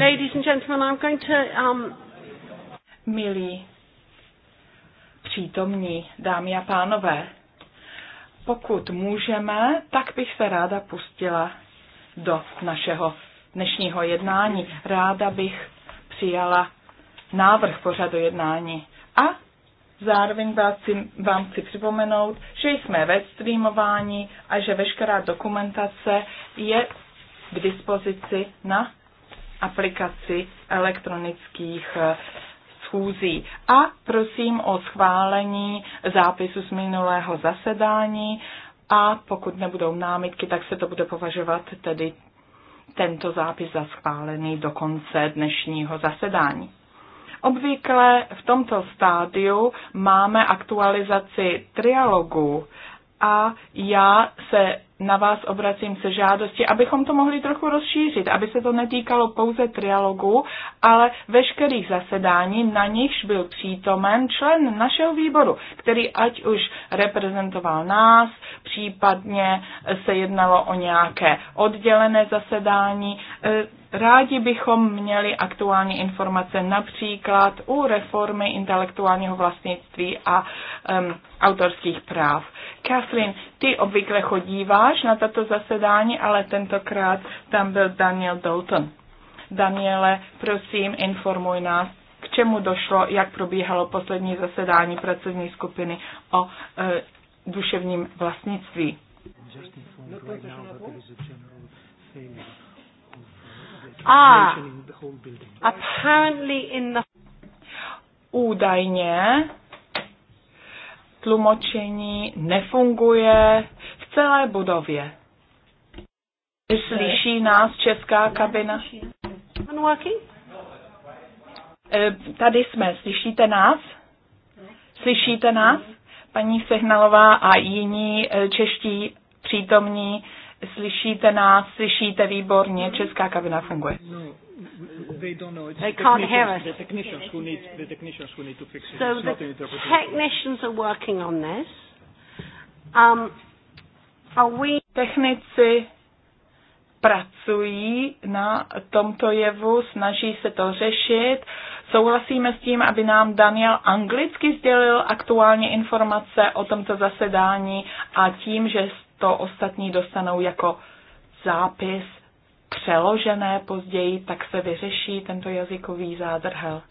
Ladies and gentlemen, I'm going to, um... Milí přítomní dámy a pánové, pokud můžeme, tak bych se ráda pustila do našeho dnešního jednání. Ráda bych přijala návrh pořadu jednání. A zároveň vás chci, vám chci připomenout, že jsme ve streamování a že veškerá dokumentace je k dispozici na aplikaci elektronických eh, schůzí. A prosím o schválení zápisu z minulého zasedání a pokud nebudou námitky, tak se to bude považovat tedy tento zápis za schválený do konce dnešního zasedání. Obvykle v tomto stádiu máme aktualizaci trialogu a já se na vás obracím se žádosti, abychom to mohli trochu rozšířit, aby se to netýkalo pouze trialogu, ale veškerých zasedání, na nichž byl přítomen člen našeho výboru, který ať už reprezentoval nás, případně se jednalo o nějaké oddělené zasedání, eh, Rádi bychom měli aktuální informace například u reformy intelektuálního vlastnictví a um, autorských práv. Kathleen, ty obvykle chodíváš na tato zasedání, ale tentokrát tam byl Daniel Dalton. Daniele, prosím, informuj nás, k čemu došlo, jak probíhalo poslední zasedání pracovní skupiny o e, duševním vlastnictví. Just Ah, apparently in the... Údajně tlumočení nefunguje v celé budově. Slyší nás česká kabina? Eh, tady jsme, slyšíte nás? Slyšíte nás? Paní Sehnalová a jiní eh, čeští přítomní Slyšíte nás, slyšíte výborně, česká kabina funguje. No, they don't know. It's they the can't hear us. The technicians who need the technicians who need to fix it. So it's the not technicians are working on this. Um, are we... Technici pracují na tomto jevu, snaží se to řešit. Souhlasíme s tím, aby nám Daniel anglicky sdělil aktuálně informace o tomto zasedání a tím, že to ostatní dostanou jako zápis přeložené později, tak se vyřeší tento jazykový zádrhel.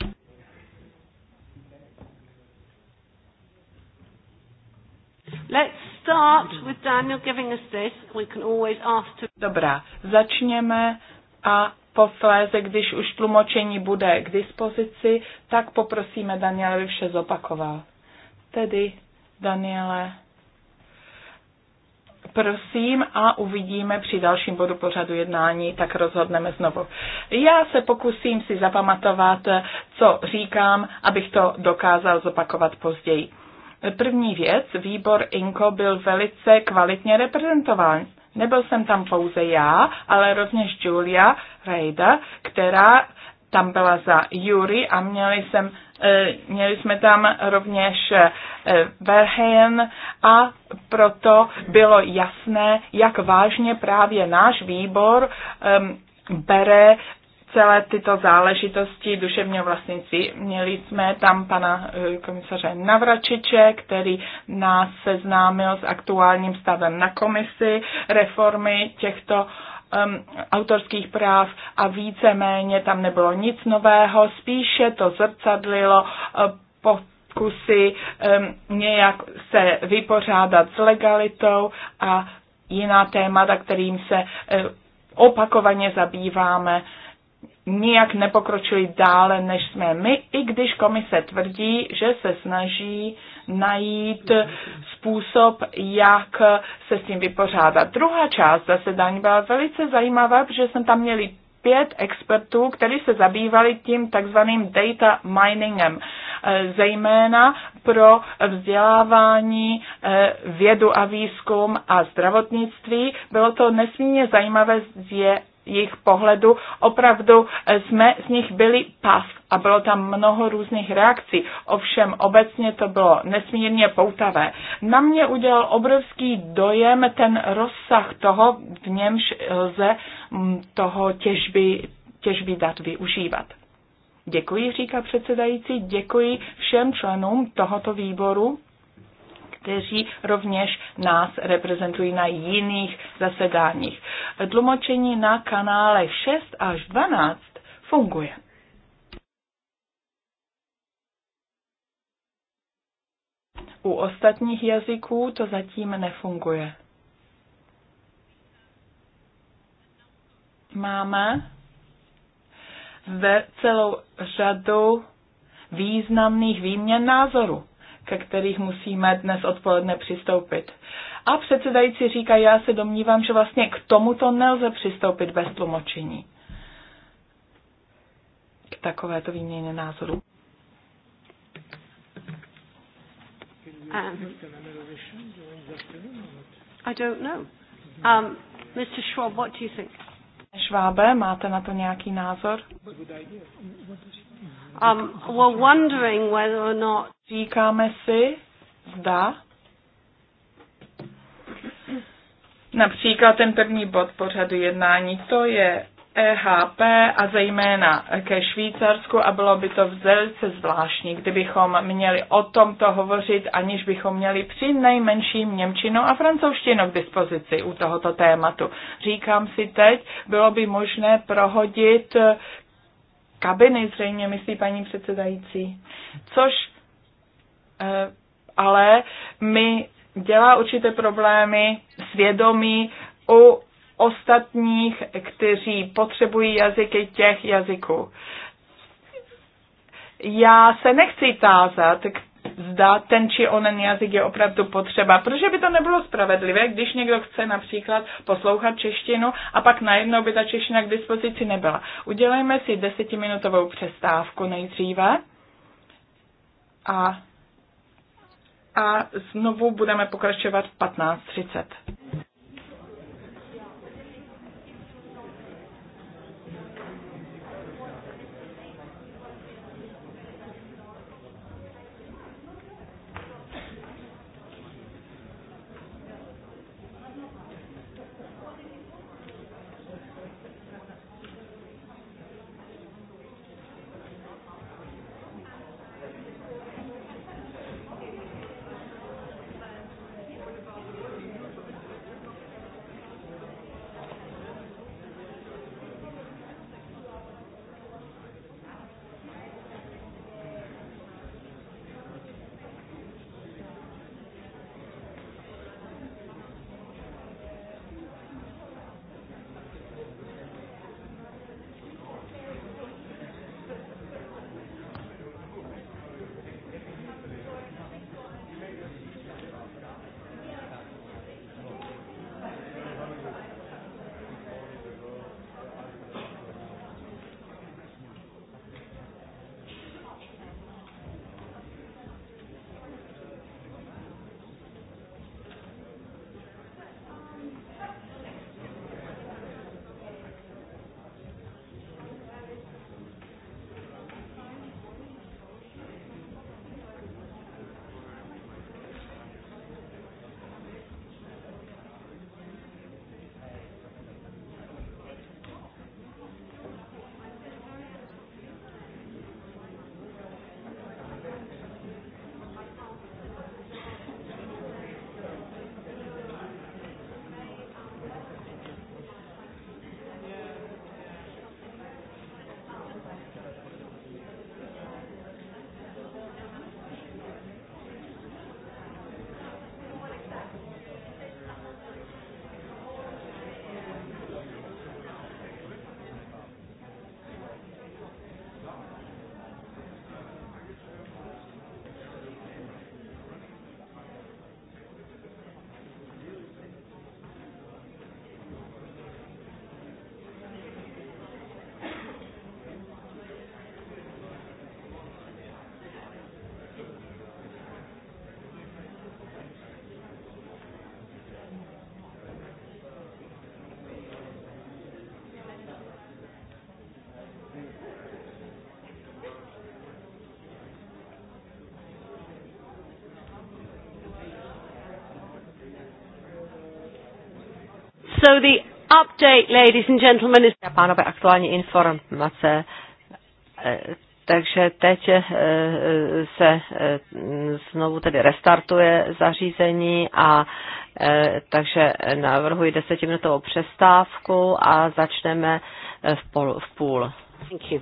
Let's start with Daniel giving us this. We can always ask to... Dobrá, začněme a posléze, když už tlumočení bude k dispozici, tak poprosíme Daniela, aby vše zopakoval. Tedy, Daniele, prosím a uvidíme při dalším bodu pořadu jednání, tak rozhodneme znovu. Já se pokusím si zapamatovat, co říkám, abych to dokázal zopakovat později. První věc, výbor INKO byl velice kvalitně reprezentován. Nebyl jsem tam pouze já, ale rovněž Julia Rejda, která tam byla za Jury a měli, jsem, e, měli jsme tam rovněž e, Verheyen a proto bylo jasné, jak vážně právě náš výbor bere celé tyto záležitosti duševního vlastnictví. Měli jsme tam pana e, komisaře Navračiče, který nás seznámil s aktuálním stavem na komisi reformy těchto uh, um, autorských práv a víceméně tam nebylo nic nového, spíše to zrcadlilo uh, pokusy um, nějak se vypořádat s legalitou a jiná témata, kterým se uh, opakovaně zabýváme, nijak nepokročili dále, než jsme my, i když komise tvrdí, že se snaží uh, najít způsob, jak se s tím vypořádat. Druhá část zasedání byla velice zajímavá, protože jsme tam měli pět expertů, kteří se zabývali tím takzvaným data miningem, eh, zejména pro vzdělávání, eh, vědu a výzkum a zdravotnictví. Bylo to nesmírně zajímavé je jejich pohledu. Opravdu jsme z nich byli pas a bylo tam mnoho různých reakcí. Ovšem obecně to bylo nesmírně poutavé. Na mě udělal obrovský dojem ten rozsah toho, v němž lze mm, toho těžby, těžby dat využívat. Děkuji, říká předsedající, děkuji všem členům tohoto výboru kteří rovněž nás reprezentují na jiných zasedáních. Tlumočení na kanálech 6 až 12 funguje. U ostatních jazyků to zatím nefunguje. Máme ve celou řadu významných výměn názorů ke kterých musíme dnes odpoledne přistoupit. A předsedající říká, já se domnívám, že vlastně k tomuto nelze přistoupit bez tlumočení. K takovéto výměně názoru. Um, I don't know. Um, Mr. Schwab, what do you think? Schwabe, máte na to nějaký názor? What Um, we're wondering whether or not... Říkáme si, zda Například ten první bod pořadu jednání, to je EHP a zejména ke Švýcarsku a bylo by to velice zvláštní, kdybychom měli o tomto hovořit, aniž bychom měli při nejmenším Němčinu a francouzštinu k dispozici u tohoto tématu. Říkám si teď, bylo by možné prohodit kabiny, zřejmě myslí paní předsedající. Což eh, ale mi dělá určité problémy svědomí u ostatních, kteří potřebují jazyky těch jazyků. Já se nechci tázat, zda ten či onen jazyk je opravdu potřeba. Protože by to nebylo spravedlivé, když někdo chce například poslouchat češtinu a pak najednou by ta čeština k dispozici nebyla. Udělejme si desetiminutovou přestávku nejdříve a, a znovu budeme pokračovat v 15.30. So the update, ladies and gentlemen, is... A pánové, aktuální informace. Eh, takže teď eh, se eh, znovu tedy restartuje zařízení a takže navrhuji desetiminutovou přestávku a začneme v, v půl. Thank you.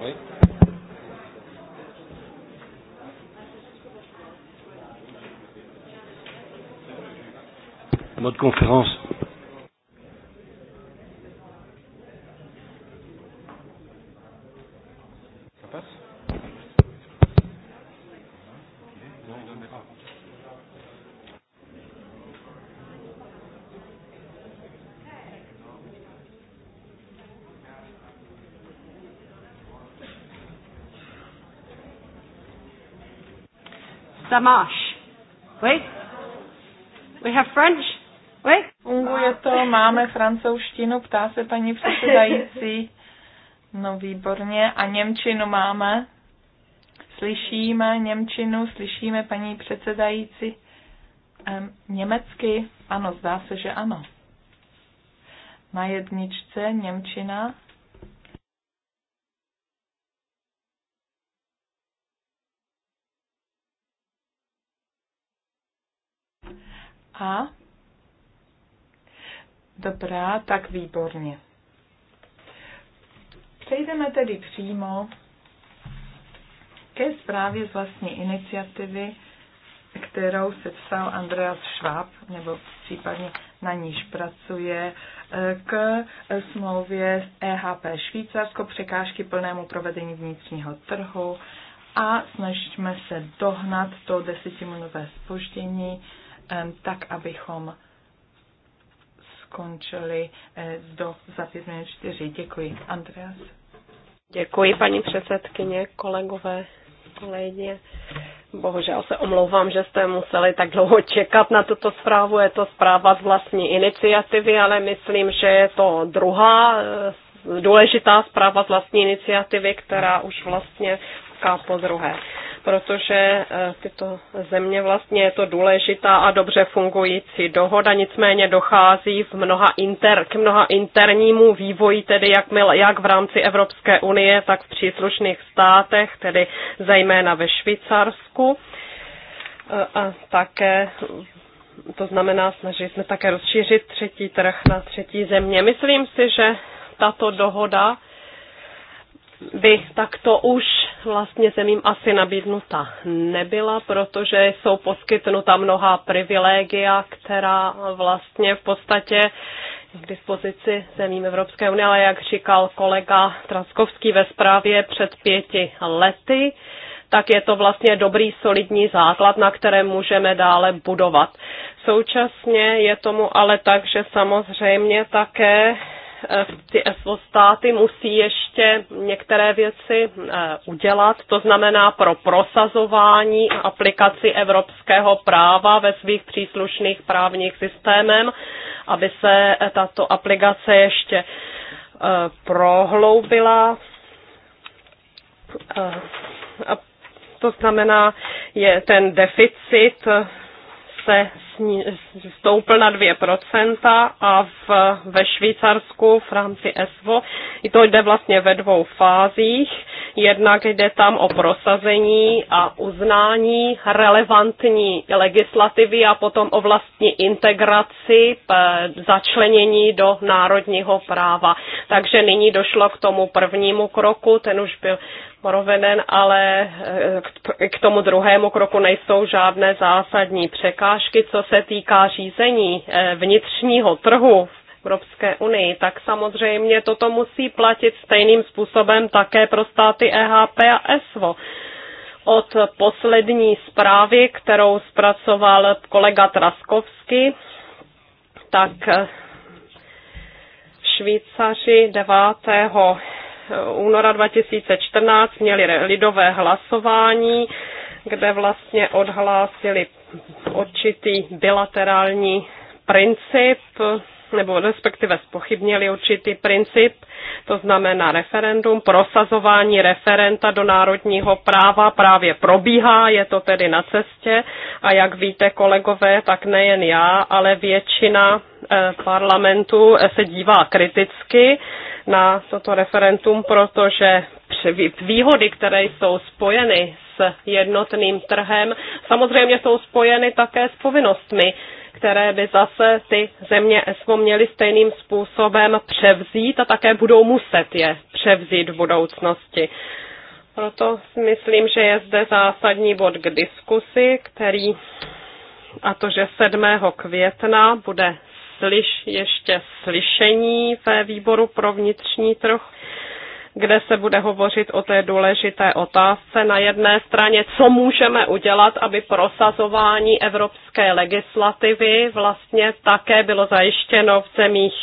Oui. Notre conférence Samash. Oui? We have French? Oui? Funguje to, máme francouzštinu, ptá se paní předsedající. No výborně. A Němčinu máme? Slyšíme Němčinu, slyšíme paní předsedající. Um, německy? Ano, zdá se, že ano. Na jedničce Němčina A? Dobrá, tak výborně. Přejdeme tedy přímo ke zprávě z vlastní iniciativy, kterou se psal Andreas Schwab, nebo případně na níž pracuje, k smlouvě EHP Švýcarsko překážky plnému provedení vnitřního trhu a snažíme se dohnat to desetimunové spoždění tak abychom skončili eh, do za pět minut čtyři. Děkuji. Andreas. Děkuji, paní předsedkyně, kolegové, kolegyně. Bohužel se omlouvám, že jste museli tak dlouho čekat na tuto zprávu. Je to zpráva z vlastní iniciativy, ale myslím, že je to druhá eh, důležitá zpráva z vlastní iniciativy, která už vlastně Řecka po druhé, protože e, tyto země vlastně je to důležitá a dobře fungující dohoda, nicméně dochází v mnoha inter, k mnoha internímu vývoji, tedy jak, my, jak v rámci Evropské unie, tak v příslušných státech, tedy zejména ve Švýcarsku e, a také to znamená, snažili jsme také rozšířit třetí trh na třetí země. Myslím si, že tato dohoda by takto už vlastně jsem jim asi nabídnuta nebyla, protože jsou poskytnuta mnoha privilegia, která vlastně v podstatě k dispozici zemím Evropské unie, ale jak říkal kolega Traskovský ve zprávě před pěti lety, tak je to vlastně dobrý solidní základ, na kterém můžeme dále budovat. Současně je tomu ale tak, že samozřejmě také Eh, ty SVO státy musí ještě některé věci eh, udělat, to znamená pro prosazování a aplikaci evropského práva ve svých příslušných právních systémem, aby se tato aplikace ještě eh, prohloubila. to znamená, je ten deficit se stoupl na 2% a v, ve Švýcarsku v rámci ESVO. I to jde vlastně ve dvou fázích. Jednak jde tam o prosazení a uznání relevantní legislativy a potom o vlastní integraci, začlenění do národního práva. Takže nyní došlo k tomu prvnímu kroku, ten už byl proveden, ale eh, k tomu druhému kroku nejsou žádné zásadní překážky, co se týká řízení eh, vnitřního trhu v Evropské unii, tak samozřejmě toto musí platit stejným způsobem také pro státy EHP a ESVO od poslední zprávy, kterou zpracoval kolega Traskovsky, tak eh, Švýcaři 9. Eh, února 2014 měli lidové hlasování, kde vlastně odhlásili určitý bilaterální princip, nebo respektive spochybnili určitý princip, to znamená referendum, prosazování referenta do národního práva právě probíhá, je to tedy na cestě a jak víte kolegové, tak nejen já, ale většina eh, parlamentu se dívá kriticky na toto referendum, protože výhody, které jsou spojeny s jednotným trhem samozřejmě jsou spojeny také s povinnostmi, které by zase ty země ESMO měly stejným způsobem převzít a také budou muset je převzít v budoucnosti. Proto myslím, že je zde zásadní bod k diskusi, který a to, že 7. května bude slyš, ještě slyšení ve výboru pro vnitřní trh kde se bude hovořit o té důležité otázce na jedné straně, co můžeme udělat, aby prosazování evropské legislativy vlastně také bylo zajištěno v zemích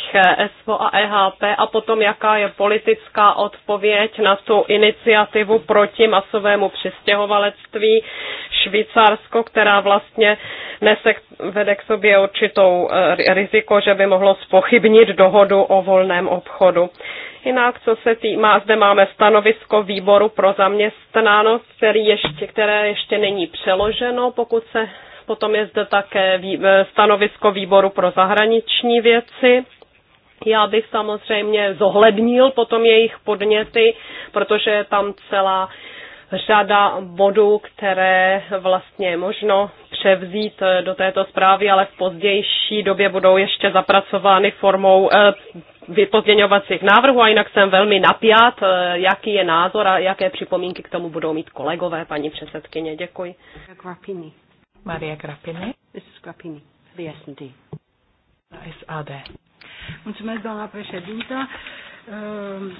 SVO a EHP a potom jaká je politická odpověď na tu iniciativu proti masovému přistěhovalectví Švýcarsko, která vlastně nese, vede k sobě určitou eh, riziko, že by mohlo spochybnit dohodu o volném obchodu. Jinak, co se týká, zde máme stanovisko výboru pro zaměstnanost, který ještě, které ještě není přeloženo, pokud se Potom je zde také e, stanovisko výboru pro zahraniční věci. Já bych samozřejmě zohlednil potom jejich podněty, protože je tam celá řada bodů, které vlastně je možno převzít e, do této zprávy, ale v pozdější době budou ještě zapracovány formou e, pozměňovacích návrhů a jinak jsem velmi napjat, eh, jaký je názor a jaké připomínky k tomu budou mít kolegové, paní předsedkyně. Děkuji. Grapini. Maria Grapini. Mrs. Grapini, VSND. SAD. Mulțumesc, doamna președintă. Ehm,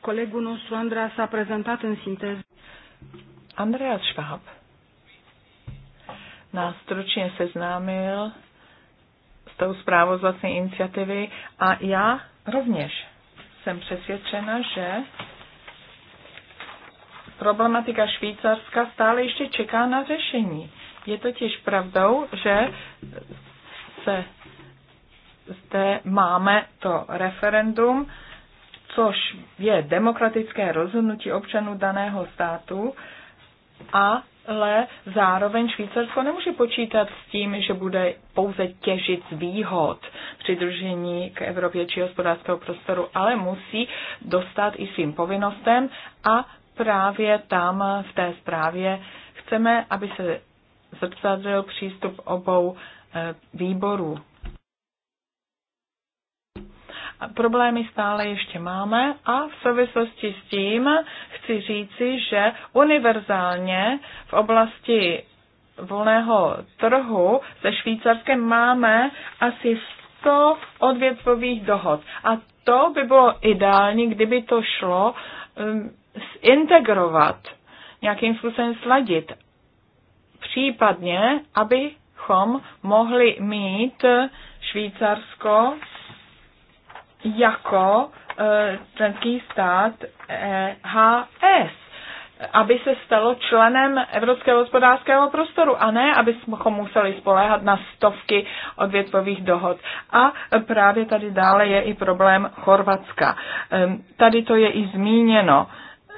colegul nostru, Andreas, a prezentat în sinteză. Andreas Schwab nás stručně seznámil tou zprávou z vlastní iniciativy a já rovněž jsem přesvědčena, že problematika Švýcarska stále ještě čeká na řešení. Je totiž pravdou, že se zde máme to referendum, což je demokratické rozhodnutí občanů daného státu a ale zároveň Švýcarsko nemůže počítat s tím, že bude pouze těžit z výhod přidružení k Evropě či hospodářského prostoru, ale musí dostat i svým povinnostem a právě tam v té zprávě chceme, aby se zrcadlil přístup obou eh, výborů Problémy stále ještě máme a v souvislosti s tím chci říci, že univerzálně v oblasti volného trhu se Švýcarskem máme asi 100 odvětvových dohod. A to by bylo ideální, kdyby to šlo um, zintegrovat, nějakým způsobem sladit. Případně, abychom mohli mít Švýcarsko jako eh, členský stát EHS aby se stalo členem Evropského hospodářského prostoru a ne, aby jsme museli spoléhat na stovky odvětvových dohod. A právě tady dále je i problém Chorvatska. Ehm, tady to je i zmíněno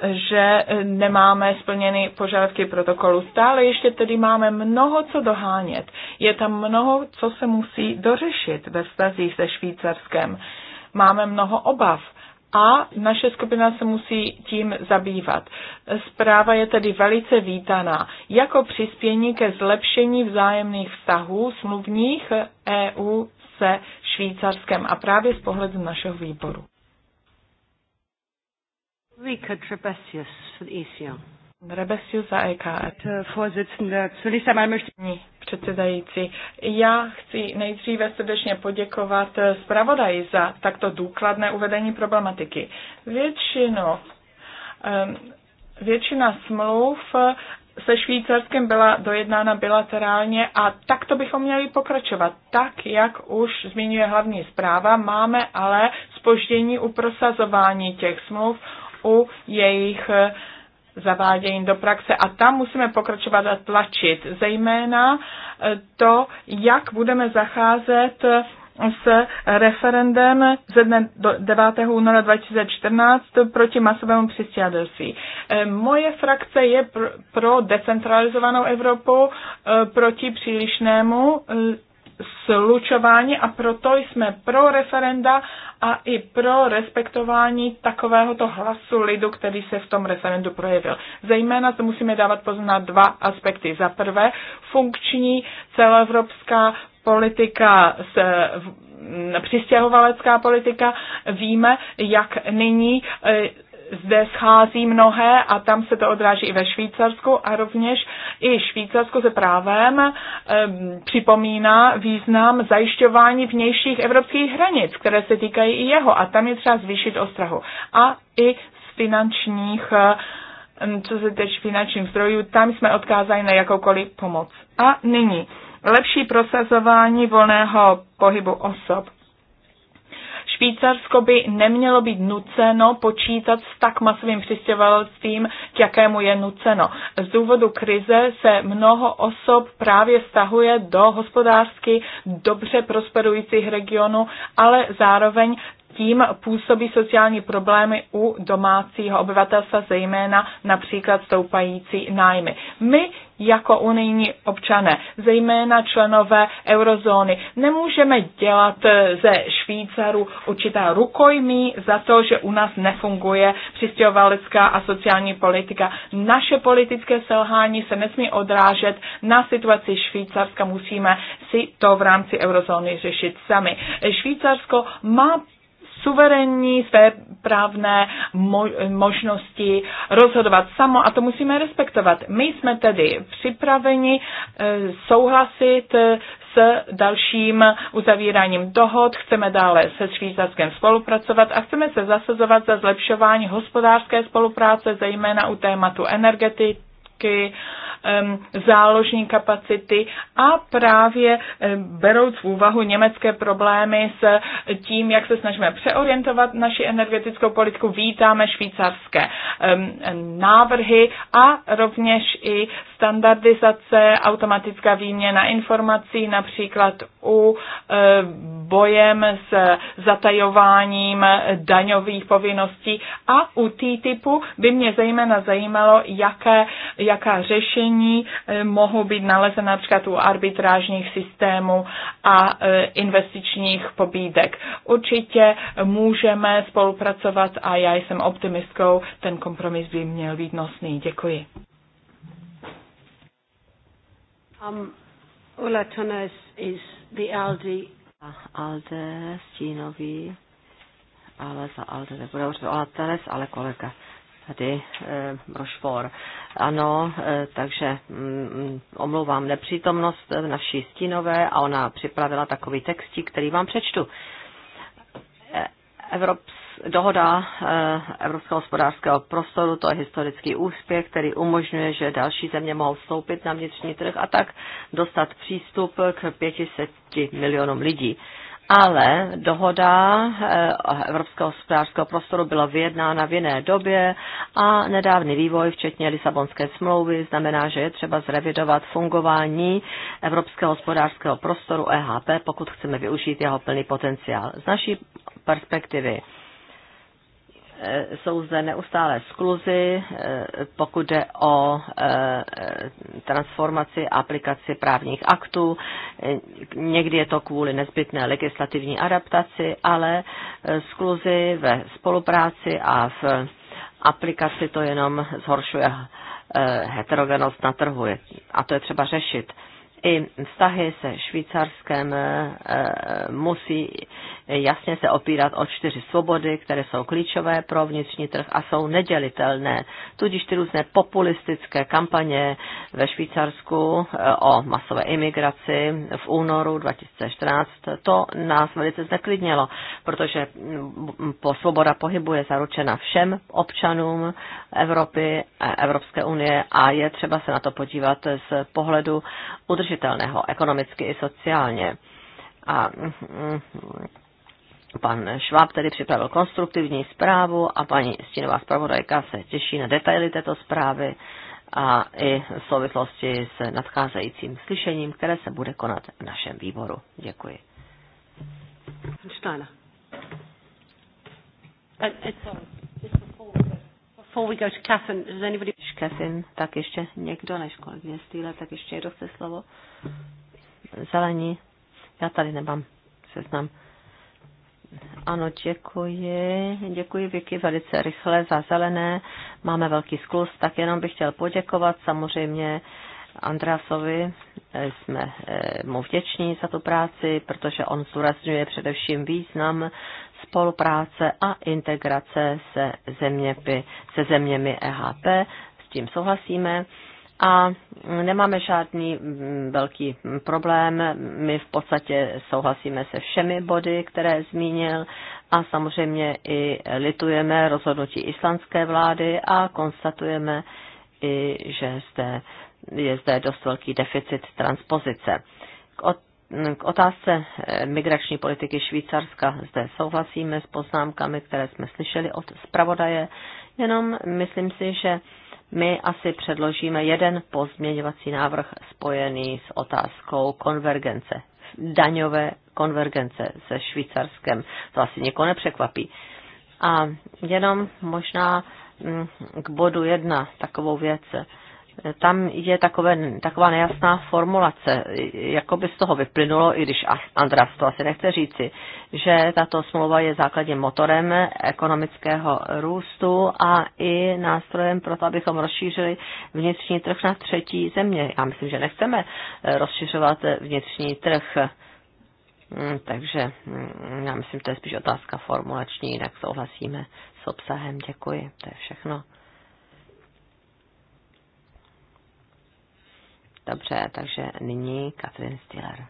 že nemáme splněny požadavky protokolu. Stále ještě tedy máme mnoho co dohánět. Je tam mnoho, co se musí dořešit ve vztazích se Švýcarskem máme mnoho obav a naše skupina se musí tím zabývat. Zpráva je tedy velice vítaná jako přispění ke zlepšení vzájemných vztahů smluvních EU se Švýcarskem a právě z pohledu našeho výboru. Rika Trebesius for the ECR za e e. Předsedající, já chci nejdříve srdečně poděkovat zpravodaji za takto důkladné uvedení problematiky. Většinu, většina smluv se Švýcarskem byla dojednána bilaterálně a takto bychom měli pokračovat. Tak, jak už zmiňuje hlavní zpráva, máme ale spoždění u prosazování těch smluv, u jejich uh, zavádění do praxe a tam musíme pokračovat a tlačit, zejména eh, to, jak budeme zacházet s referendem ze dne 9. února 2014 proti masovému přistěhovalství. Eh, moje frakce je pro decentralizovanou Evropu eh, proti přílišnému slučování a proto jsme pro referenda a i pro respektování takovéhoto hlasu lidu, který se v tom referendu projevil. Zejména to musíme dávat pozor na dva aspekty. Za prvé, funkční celoevropská politika s přistěhovalecká politika. Víme, jak nyní e, zde schází mnohé a tam se to odráží i ve Švýcarsku a rovněž i Švýcarsko se právem um, připomíná význam zajišťování vnějších evropských hranic, které se týkají i jeho a tam je třeba zvýšit ostrahu. A i z finančních uh, co se teď finančních zdrojů, tam jsme odkázáni na jakoukoliv pomoc. A nyní, lepší prosazování volného pohybu osob. Švýcarsko by nemělo být nuceno počítat s tak masovým přistěhovalstvím, k jakému je nuceno. Z důvodu krize se mnoho osob právě stahuje do hospodářsky dobře prosperujících regionů, ale zároveň tím působí sociální problémy u domácího obyvatelstva, zejména například stoupající nájmy. My jako unijní občané, zejména členové eurozóny, nemůžeme dělat ze Švýcarů určitá rukojmí za to, že u nás nefunguje přistěhovalická a sociální politika. Naše politické selhání se nesmí odrážet na situaci Švýcarska. Musíme si to v rámci eurozóny řešit sami. Švýcarsko má suverénní své právné možnosti rozhodovat samo a to musíme respektovat. My jsme tedy připraveni eh, souhlasit eh, s dalším uzavíráním dohod, chceme dále se Švýcarskem spolupracovat a chceme se zasazovat za zlepšování hospodářské spolupráce, zejména u tématu energetiky prostředky, záložní kapacity a právě berou v úvahu německé problémy s tím, jak se snažíme přeorientovat naši energetickou politiku, vítáme švýcarské návrhy a rovněž i standardizace, automatická výměna informací, například u e, bojem s zatajováním daňových povinností a u T-typu by mě zejména zajímalo, jaké, jaká řešení e, mohou být nalezena například u arbitrážních systémů a e, investičních pobídek. Určitě můžeme spolupracovat a já jsem optimistkou, ten kompromis by měl být nosný. Děkuji. Um, Ulla Tones is the Aldi. Alde, stínový, ale za Alde nebude hovořit Ulla Tones, ale kolega tady e, Rošfor. Ano, e, takže mm, mm, omlouvám nepřítomnost v naší stínové a ona připravila takový textík, který vám přečtu. Eh, Evropská dohoda eh, Evropského hospodářského prostoru, to je historický úspěch, který umožňuje, že další země mohou vstoupit na vnitřní trh a tak dostat přístup k 500 milionům lidí. Ale dohoda eh, Evropského hospodářského prostoru byla vyjednána v jiné době a nedávný vývoj, včetně Lisabonské smlouvy, znamená, že je třeba zrevidovat fungování Evropského hospodářského prostoru EHP, pokud chceme využít jeho plný potenciál. Z naší perspektivy Eh, jsou zde neustále skluzy, eh, pokud jde o eh, transformaci a aplikaci právních aktů. Někdy je to kvůli nezbytné legislativní adaptaci, ale skluzy ve spolupráci a v aplikaci to jenom zhoršuje heterogenost na trhu a to je třeba řešit i vztahy se Švýcarskem musí jasně se opírat o čtyři svobody, které jsou klíčové pro vnitřní trh a jsou nedělitelné. Tudíž ty různé populistické kampaně ve Švýcarsku eh, o masové imigraci v únoru 2014, to nás velice zneklidnilo, protože mm, po svoboda pohybu je zaručena všem občanům Evropy, Evropské unie a je třeba se na to podívat z pohledu udržitelného ekonomicky i sociálně. A mm, Pan Šváb tedy připravil konstruktivní zprávu a paní Stínová zpravodajka se těší na detaily této zprávy a i v souvislosti s nadcházejícím slyšením, které se bude konat v našem výboru. Děkuji. Steiner. Uh, uh, before we go to Catherine, does anybody... Catherine, tak ještě někdo, než kolegyně Stýle, tak ještě někdo chce slovo. Zelení, já tady nemám seznam ano, děkuji. Děkuji, Vicky, velice rychle za zelené. Máme velký sklus, tak jenom bych chtěl poděkovat samozřejmě Andrasovi. Eh, jsme eh, mu vděční za tu práci, protože on zúraznuje především význam spolupráce a integrace se, zeměmi, se zeměmi EHP. S tím souhlasíme a nemáme žádný velký problém. My v podstatě souhlasíme se všemi body, které zmínil a samozřejmě i litujeme rozhodnutí islandské vlády a konstatujeme i, že zde, je zde dost velký deficit transpozice. K k otázce eh, migrační politiky Švýcarska zde souhlasíme s poznámkami, které jsme slyšeli od zpravodaje, jenom myslím si, že my asi předložíme jeden pozměňovací návrh spojený s otázkou konvergence, daňové konvergence se Švýcarskem. To asi někoho nepřekvapí. A jenom možná mm, k bodu jedna takovou věc tam je takové, taková nejasná formulace, jako by z toho vyplynulo, i když András to asi nechce říci, že tato smlouva je základním motorem ekonomického růstu a i nástrojem pro to, abychom rozšířili vnitřní trh na třetí země. Já myslím, že nechceme eh, rozšiřovat vnitřní trh. Mm, takže mm, já myslím, to je spíš otázka formulační, jinak souhlasíme s obsahem. Děkuji, to je všechno. Dobře, takže nyní Katrin Stiller.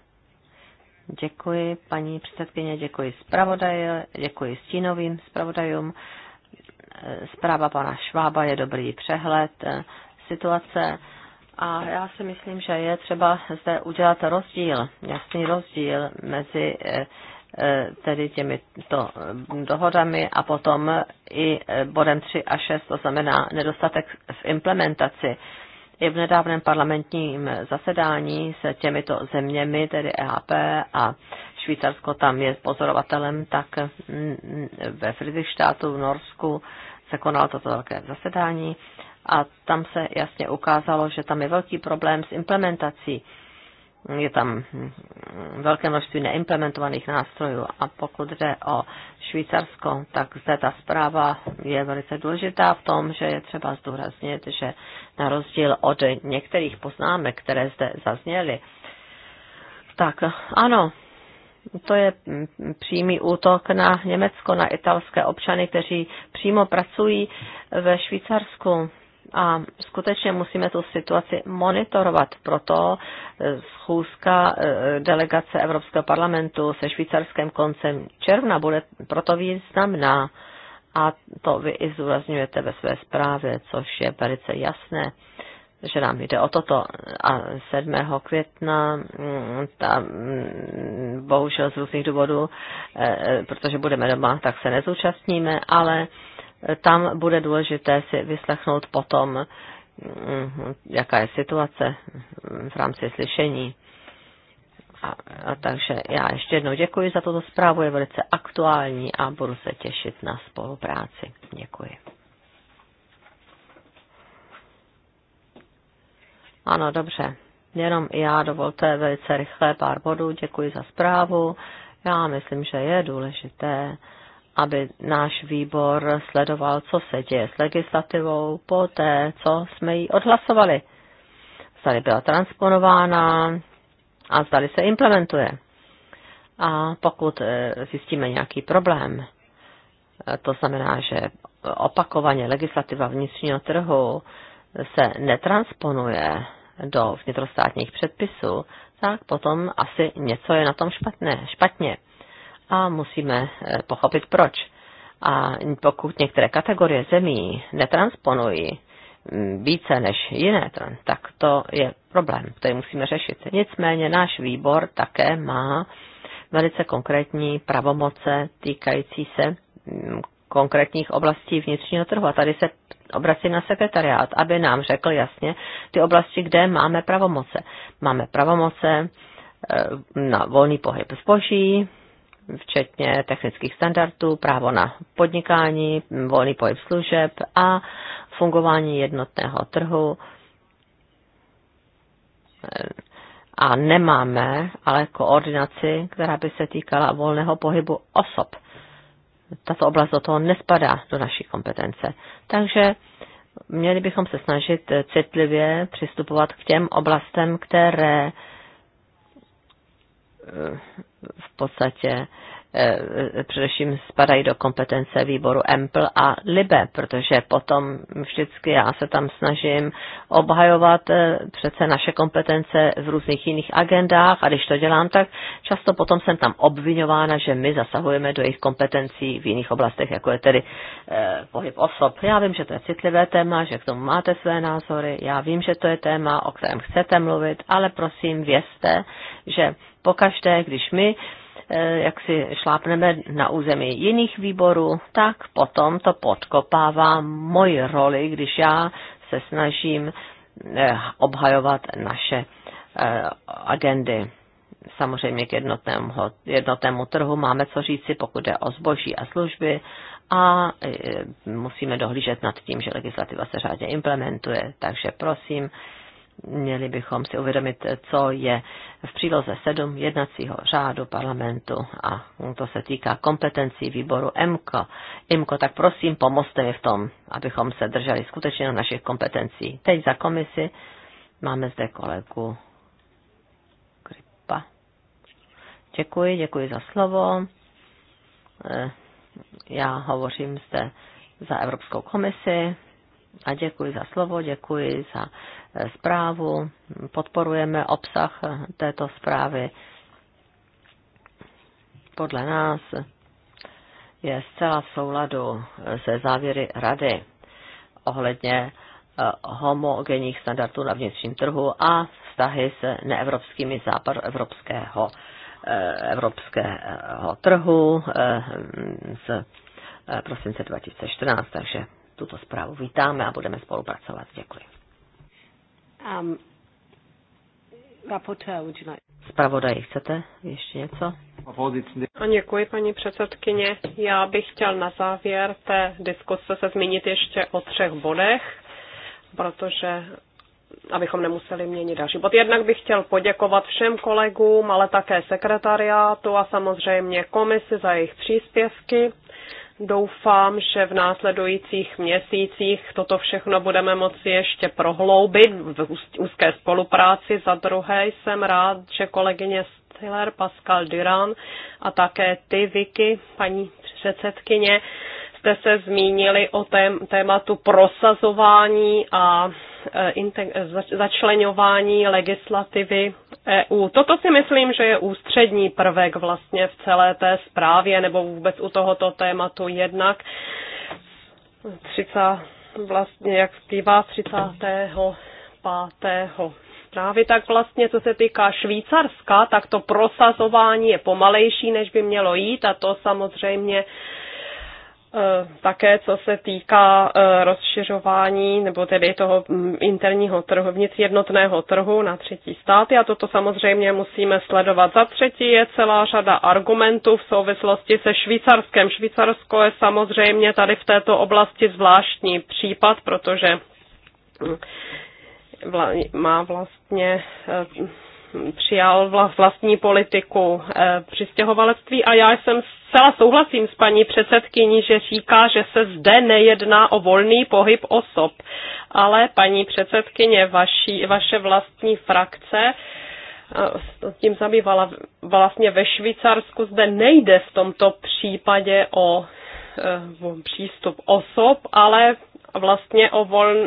Děkuji paní předsedkyně, děkuji zpravodaji, děkuji stínovým zpravodajům. Zpráva pana Švába je dobrý přehled eh, situace a já si myslím, že je třeba zde udělat rozdíl, jasný rozdíl mezi eh, eh, tedy těmito dohodami a potom i bodem 3 a 6, to znamená nedostatek v implementaci. I v nedávném parlamentním zasedání se těmito zeměmi, tedy EAP a Švýcarsko tam je pozorovatelem, tak mm, ve Friedrichstátu v Norsku se konalo toto velké zasedání a tam se jasně ukázalo, že tam je velký problém s implementací je tam velké množství neimplementovaných nástrojů. A pokud jde o Švýcarsko, tak zde ta zpráva je velice důležitá v tom, že je třeba zdůraznit, že na rozdíl od některých poznámek, které zde zazněly, tak ano, to je přímý útok na Německo, na italské občany, kteří přímo pracují ve Švýcarsku a skutečně musíme tu situaci monitorovat. Proto e, schůzka e, delegace Evropského parlamentu se švýcarském koncem června bude proto významná a to vy i zúraznujete ve své zprávě, což je velice jasné že nám jde o toto. A 7. května, mm, ta, mm, bohužel z různých důvodů, e, protože budeme doma, tak se nezúčastníme, ale tam bude důležité si vyslechnout potom, mm, jaká je situace v rámci slyšení. A, a takže já ještě jednou děkuji za tuto zprávu, je velice aktuální a budu se těšit na spolupráci. Děkuji. Ano, dobře. Jenom já dovolte velice rychle pár bodů. Děkuji za zprávu. Já myslím, že je důležité aby náš výbor sledoval, co se děje s legislativou po té, co jsme ji odhlasovali. Zdali byla transponována a zdali se implementuje. A pokud eh, zjistíme nějaký problém, eh, to znamená, že opakovaně legislativa vnitřního trhu se netransponuje do vnitrostátních předpisů, tak potom asi něco je na tom špatné, špatně a musíme eh, pochopit proč. A pokud některé kategorie zemí netransponují mm, více než jiné, tak to je problém, který musíme řešit. Nicméně náš výbor také má velice konkrétní pravomoce týkající se mm, konkrétních oblastí vnitřního trhu. A tady se obracím na sekretariát, aby nám řekl jasně ty oblasti, kde máme pravomoce. Máme pravomoce eh, na volný pohyb zboží, včetně technických standardů, právo na podnikání, volný pohyb služeb a fungování jednotného trhu. A nemáme ale koordinaci, která by se týkala volného pohybu osob. Tato oblast do toho nespadá do naší kompetence. Takže měli bychom se snažit citlivě přistupovat k těm oblastem, které v podstatě eh, především spadají do kompetence výboru EMPL a LIBE, protože potom vždycky já se tam snažím obhajovat eh, přece naše kompetence v různých jiných agendách a když to dělám, tak často potom jsem tam obvinována, že my zasahujeme do jejich kompetencí v jiných oblastech, jako je tedy eh, pohyb osob. Já vím, že to je citlivé téma, že k tomu máte své názory, já vím, že to je téma, o kterém chcete mluvit, ale prosím, vězte, že pokaždé, když my eh, jak si šlápneme na území jiných výborů, tak potom to podkopává moji roli, když já se snažím eh, obhajovat naše eh, agendy. Samozřejmě k jednotnému, jednotnému trhu máme co říci, pokud jde o zboží a služby a musíme dohlížet nad tím, že legislativa se řádně implementuje. Takže prosím, měli bychom si uvědomit, co je v příloze 7 jednacího řádu parlamentu a to se týká kompetencí výboru MKO. MKO, tak prosím, pomozte mi v tom, abychom se drželi skutečně na našich kompetencí. Teď za komisi máme zde kolegu Kripa. Děkuji, děkuji za slovo. Eh, já hovořím zde za Evropskou komisi a děkuji za slovo, děkuji za zprávu, podporujeme obsah této zprávy. Podle nás je zcela v souladu se závěry Rady ohledně eh, homogenních standardů na vnitřním trhu a vztahy s neevropskými evropského, eh, evropského trhu eh, z prosince 2014, takže tuto zprávu vítáme a budeme spolupracovat. Děkuji. Um, Spravodaj, chcete ještě něco? A děkuji, paní předsedkyně. Já bych chtěl na závěr té diskuse se zmínit ještě o třech bodech, protože abychom nemuseli měnit další bod. Jednak bych chtěl poděkovat všem kolegům, ale také sekretariátu a samozřejmě komisi za jejich příspěvky. Doufám, že v následujících měsících toto všechno budeme moci ještě prohloubit v úzké spolupráci. Za druhé jsem rád, že kolegyně Stiller, Pascal Duran a také ty, Vicky, paní předsedkyně, jste se zmínili o tém, tématu prosazování a Eh, eh, začlenování legislativy EU. Toto si myslím, že je ústřední prvek vlastně v celé té zprávě nebo vůbec u tohoto tématu jednak. 30, vlastně jak zpívá 35 právě tak vlastně, co se týká Švýcarska, tak to prosazování je pomalejší, než by mělo jít a to samozřejmě Eh, také co se týká eh, rozšiřování nebo tedy toho mm, interního trhu, vnitř jednotného trhu na třetí státy a toto samozřejmě musíme sledovat. Za třetí je celá řada argumentů v souvislosti se Švýcarskem. Švýcarsko je samozřejmě tady v této oblasti zvláštní případ, protože mm, má vlastně eh, přijal vlastní politiku eh, přistěhovalectví a já jsem zcela souhlasím s paní předsedkyní, že říká, že se zde nejedná o volný pohyb osob, ale paní předsedkyně, vaší, vaše vlastní frakce eh, tím zabývala vlastně ve Švýcarsku, zde nejde v tomto případě o eh, přístup osob, ale vlastně o voln,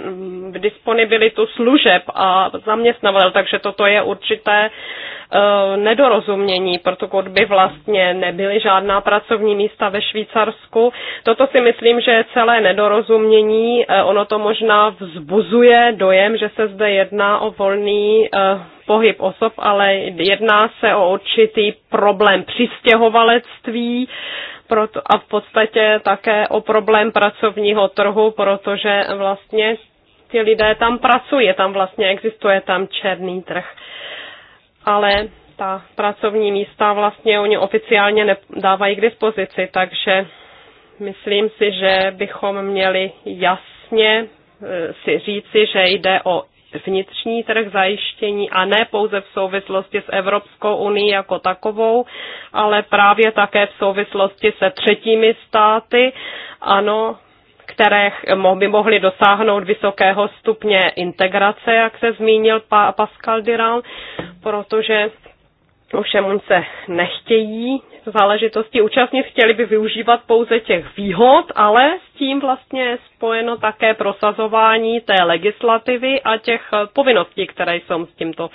v disponibilitu služeb a zaměstnavatel, takže toto je určité e, nedorozumění, protože by vlastně nebyly žádná pracovní místa ve Švýcarsku. Toto si myslím, že je celé nedorozumění. E, ono to možná vzbuzuje dojem, že se zde jedná o volný e, pohyb osob, ale jedná se o určitý problém přistěhovalectví, proto, a v podstatě také o problém pracovního trhu, protože vlastně ti lidé tam pracují, tam vlastně existuje tam černý trh. Ale ta pracovní místa vlastně oni oficiálně nedávají k dispozici, takže myslím si, že bychom měli jasně eh, si říci, že jde o vnitřní trh zajištění a ne pouze v souvislosti s Evropskou unii jako takovou, ale právě také v souvislosti se třetími státy. Ano, které by mohly dosáhnout vysokého stupně integrace, jak se zmínil Pascal Diran, protože ovšem se nechtějí záležitosti účastnit, chtěli by využívat pouze těch výhod, ale s tím vlastně je spojeno také prosazování té legislativy a těch povinností, které jsou s tímto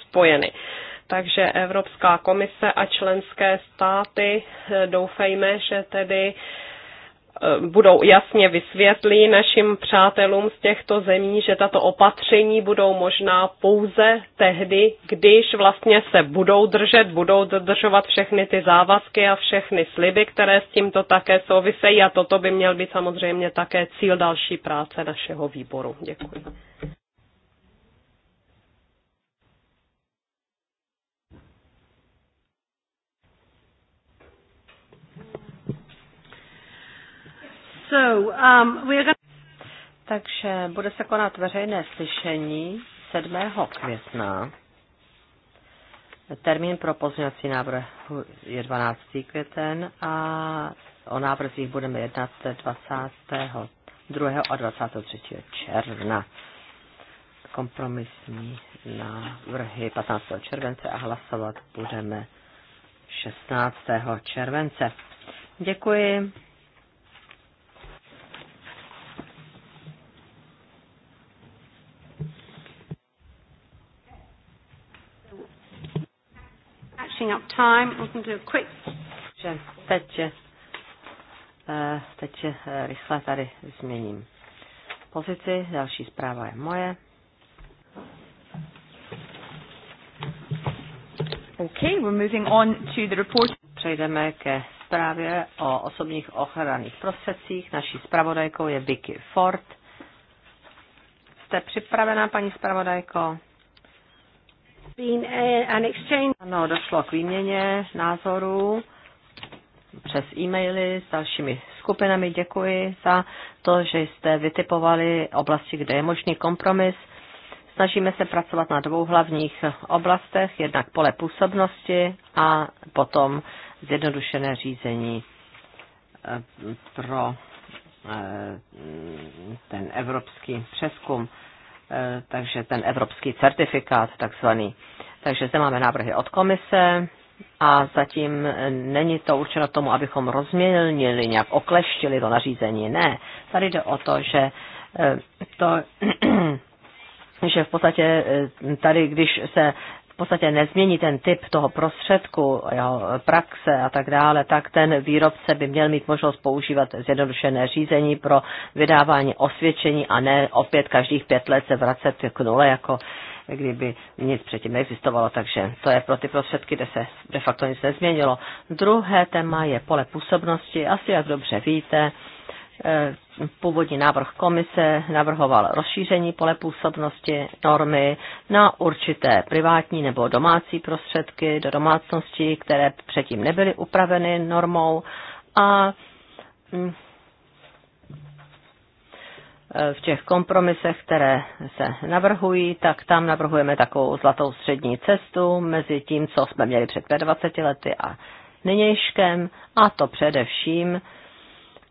spojeny. Takže Evropská komise a členské státy doufejme, že tedy Eh, budou jasně vysvětlí našim přátelům z těchto zemí, že tato opatření budou možná pouze tehdy, když vlastně se budou držet, budou dodržovat všechny ty závazky a všechny sliby, které s tímto také souvisejí a toto by měl být samozřejmě také cíl další práce našeho výboru. Děkuji. So, um, we are gonna... Takže bude se konat veřejné slyšení 7. května. Termín pro pozměňovací návrh je 12. květen a o návrzích budeme jednat 22. a 23. června. Kompromisní návrhy 15. července a hlasovat budeme 16. července. Děkuji. eating up time. We can do a quick... Teď, eh, teď eh, rychle tady změním pozici. Další zpráva je moje. Okay, we're moving on to the report. Přejdeme ke zprávě o osobních ochranných prostředcích. Naší zpravodajkou je Vicky Ford. Jste připravená, paní zpravodajko? Eh, ano, došlo k výměně názorů přes e-maily s dalšími skupinami. Děkuji za to, že jste vytipovali oblasti, kde je možný kompromis. Snažíme se pracovat na dvou hlavních oblastech, jednak pole působnosti a potom zjednodušené řízení eh, pro eh, ten evropský přeskum. Eh, takže ten evropský certifikát takzvaný. Takže zde máme návrhy od komise a zatím není to určeno tomu, abychom rozměnili, nějak okleštili to nařízení. Ne, tady jde o to, že eh, to že v podstatě eh, tady, když se podstatě nezmění ten typ toho prostředku, jeho praxe a tak dále, tak ten výrobce by měl mít možnost používat zjednodušené řízení pro vydávání osvědčení a ne opět každých pět let se vracet k nule, jako kdyby nic předtím neexistovalo, takže to je pro ty prostředky, kde se de facto nic nezměnilo. Druhé téma je pole působnosti. Asi jak dobře víte, Eh, původní návrh komise navrhoval rozšíření pole působnosti normy na určité privátní nebo domácí prostředky do domácností, které předtím nebyly upraveny normou a mm, eh, v těch kompromisech, které se navrhují, tak tam navrhujeme takovou zlatou střední cestu mezi tím, co jsme měli před 20 lety a nynějškem, a to především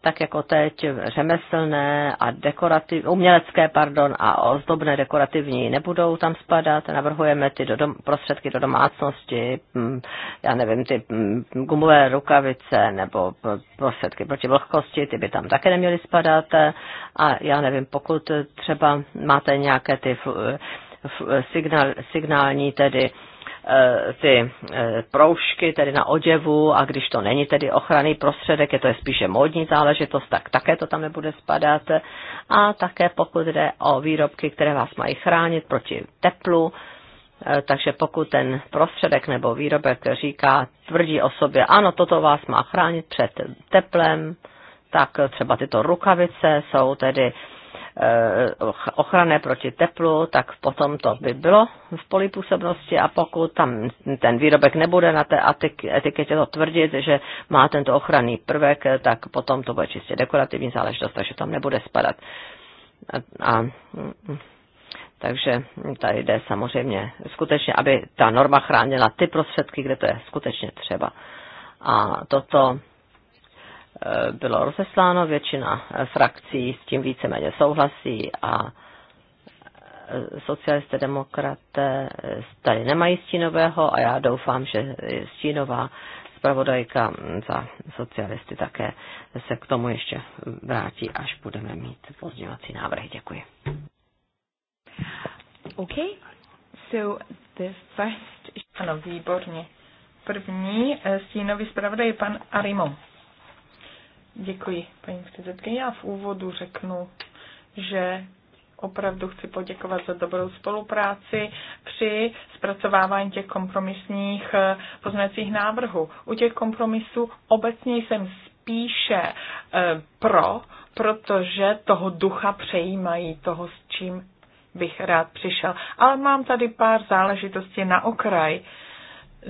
tak jako teď řemeslné a dekorativ, umělecké pardon, a ozdobné dekorativní nebudou tam spadat. Navrhujeme ty do dom, prostředky do domácnosti, mm, já nevím, ty mm, gumové rukavice nebo prostředky proti vlhkosti, ty by tam také neměly spadat. A já nevím, pokud třeba máte nějaké ty signál, signální tedy Eh, ty eh, proužky tedy na oděvu a když to není tedy ochranný prostředek, je to je spíše módní záležitost, tak také to tam nebude spadat. A také pokud jde o výrobky, které vás mají chránit proti teplu, eh, takže pokud ten prostředek nebo výrobek říká, tvrdí o sobě, ano, toto vás má chránit před teplem, tak třeba tyto rukavice jsou tedy Eh, ochranné proti teplu, tak potom to by bylo v polipůsobnosti a pokud tam ten výrobek nebude na té etiketě to tvrdit, že má tento ochranný prvek, tak potom to bude čistě dekorativní záležitost, takže tam nebude spadat. A, a takže tady jde samozřejmě skutečně, aby ta norma chránila ty prostředky, kde to je skutečně třeba. A toto Eh, bylo rozesláno, většina eh, frakcí s tím víceméně souhlasí a eh, socialisté demokraté tady nemají stínového a já doufám, že stínová zpravodajka za socialisty také se k tomu ještě vrátí, až budeme mít pozdělací návrhy. Děkuji. OK. So the first... Ano, výborně. První stínový zpravodaj je pan Arimo. Děkuji, paní předsedkyně. Já v úvodu řeknu, že opravdu chci poděkovat za dobrou spolupráci při zpracovávání těch kompromisních eh, poznacích návrhů. U těch kompromisů obecně jsem spíše eh, pro, protože toho ducha přejímají, toho s čím bych rád přišel. Ale mám tady pár záležitostí na okraj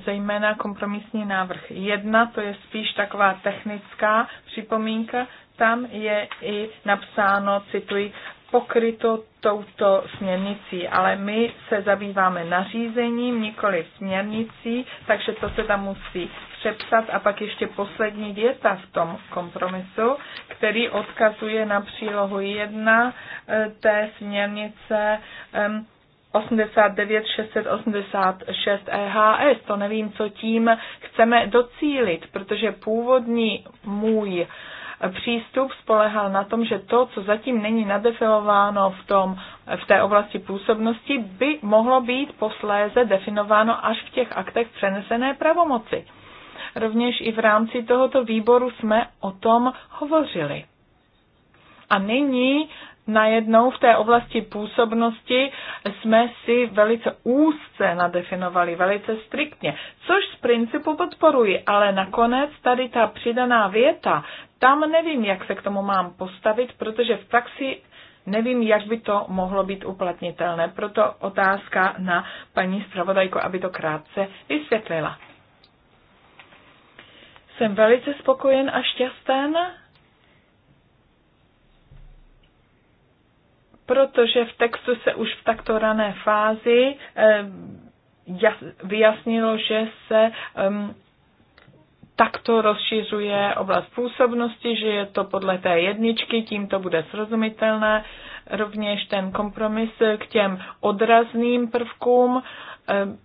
zejména kompromisní návrh 1, to je spíš taková technická připomínka, tam je i napsáno, cituji, pokryto touto směrnicí, ale my se zabýváme nařízením, nikoli směrnicí, takže to se tam musí přepsat. A pak ještě poslední věta v tom kompromisu, který odkazuje na přílohu jedna eh, té směrnice 89686 EHS. To nevím, co tím chceme docílit, protože původní můj přístup spolehal na tom, že to, co zatím není nadefinováno v, tom, v té oblasti působnosti, by mohlo být posléze definováno až v těch aktech přenesené pravomoci. Rovněž i v rámci tohoto výboru jsme o tom hovořili. A nyní najednou v té oblasti působnosti jsme si velice úzce nadefinovali, velice striktně, což z principu podporuji, ale nakonec tady ta přidaná věta, tam nevím, jak se k tomu mám postavit, protože v praxi nevím, jak by to mohlo být uplatnitelné. Proto otázka na paní zpravodajku, aby to krátce vysvětlila. Jsem velice spokojen a šťastný. protože v textu se už v takto rané fázi eh, vyjasnilo, že se ehm, takto rozšiřuje oblast působnosti, že je to podle té jedničky, tím to bude srozumitelné. Rovněž ten kompromis k těm odrazným prvkům, ehm,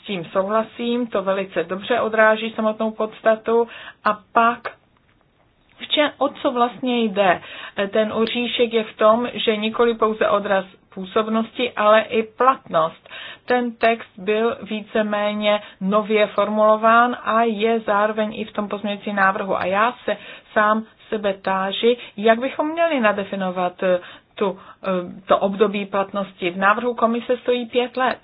s tím souhlasím, to velice dobře odráží samotnou podstatu. A pak če, o co vlastně jde? E, ten oříšek je v tom, že nikoli pouze odraz působnosti, ale i platnost. Ten text byl víceméně nově formulován a je zároveň i v tom pozměňujícím návrhu. A já se sám sebe táži, jak bychom měli nadefinovat e, tu, e, to období platnosti. V návrhu komise stojí pět let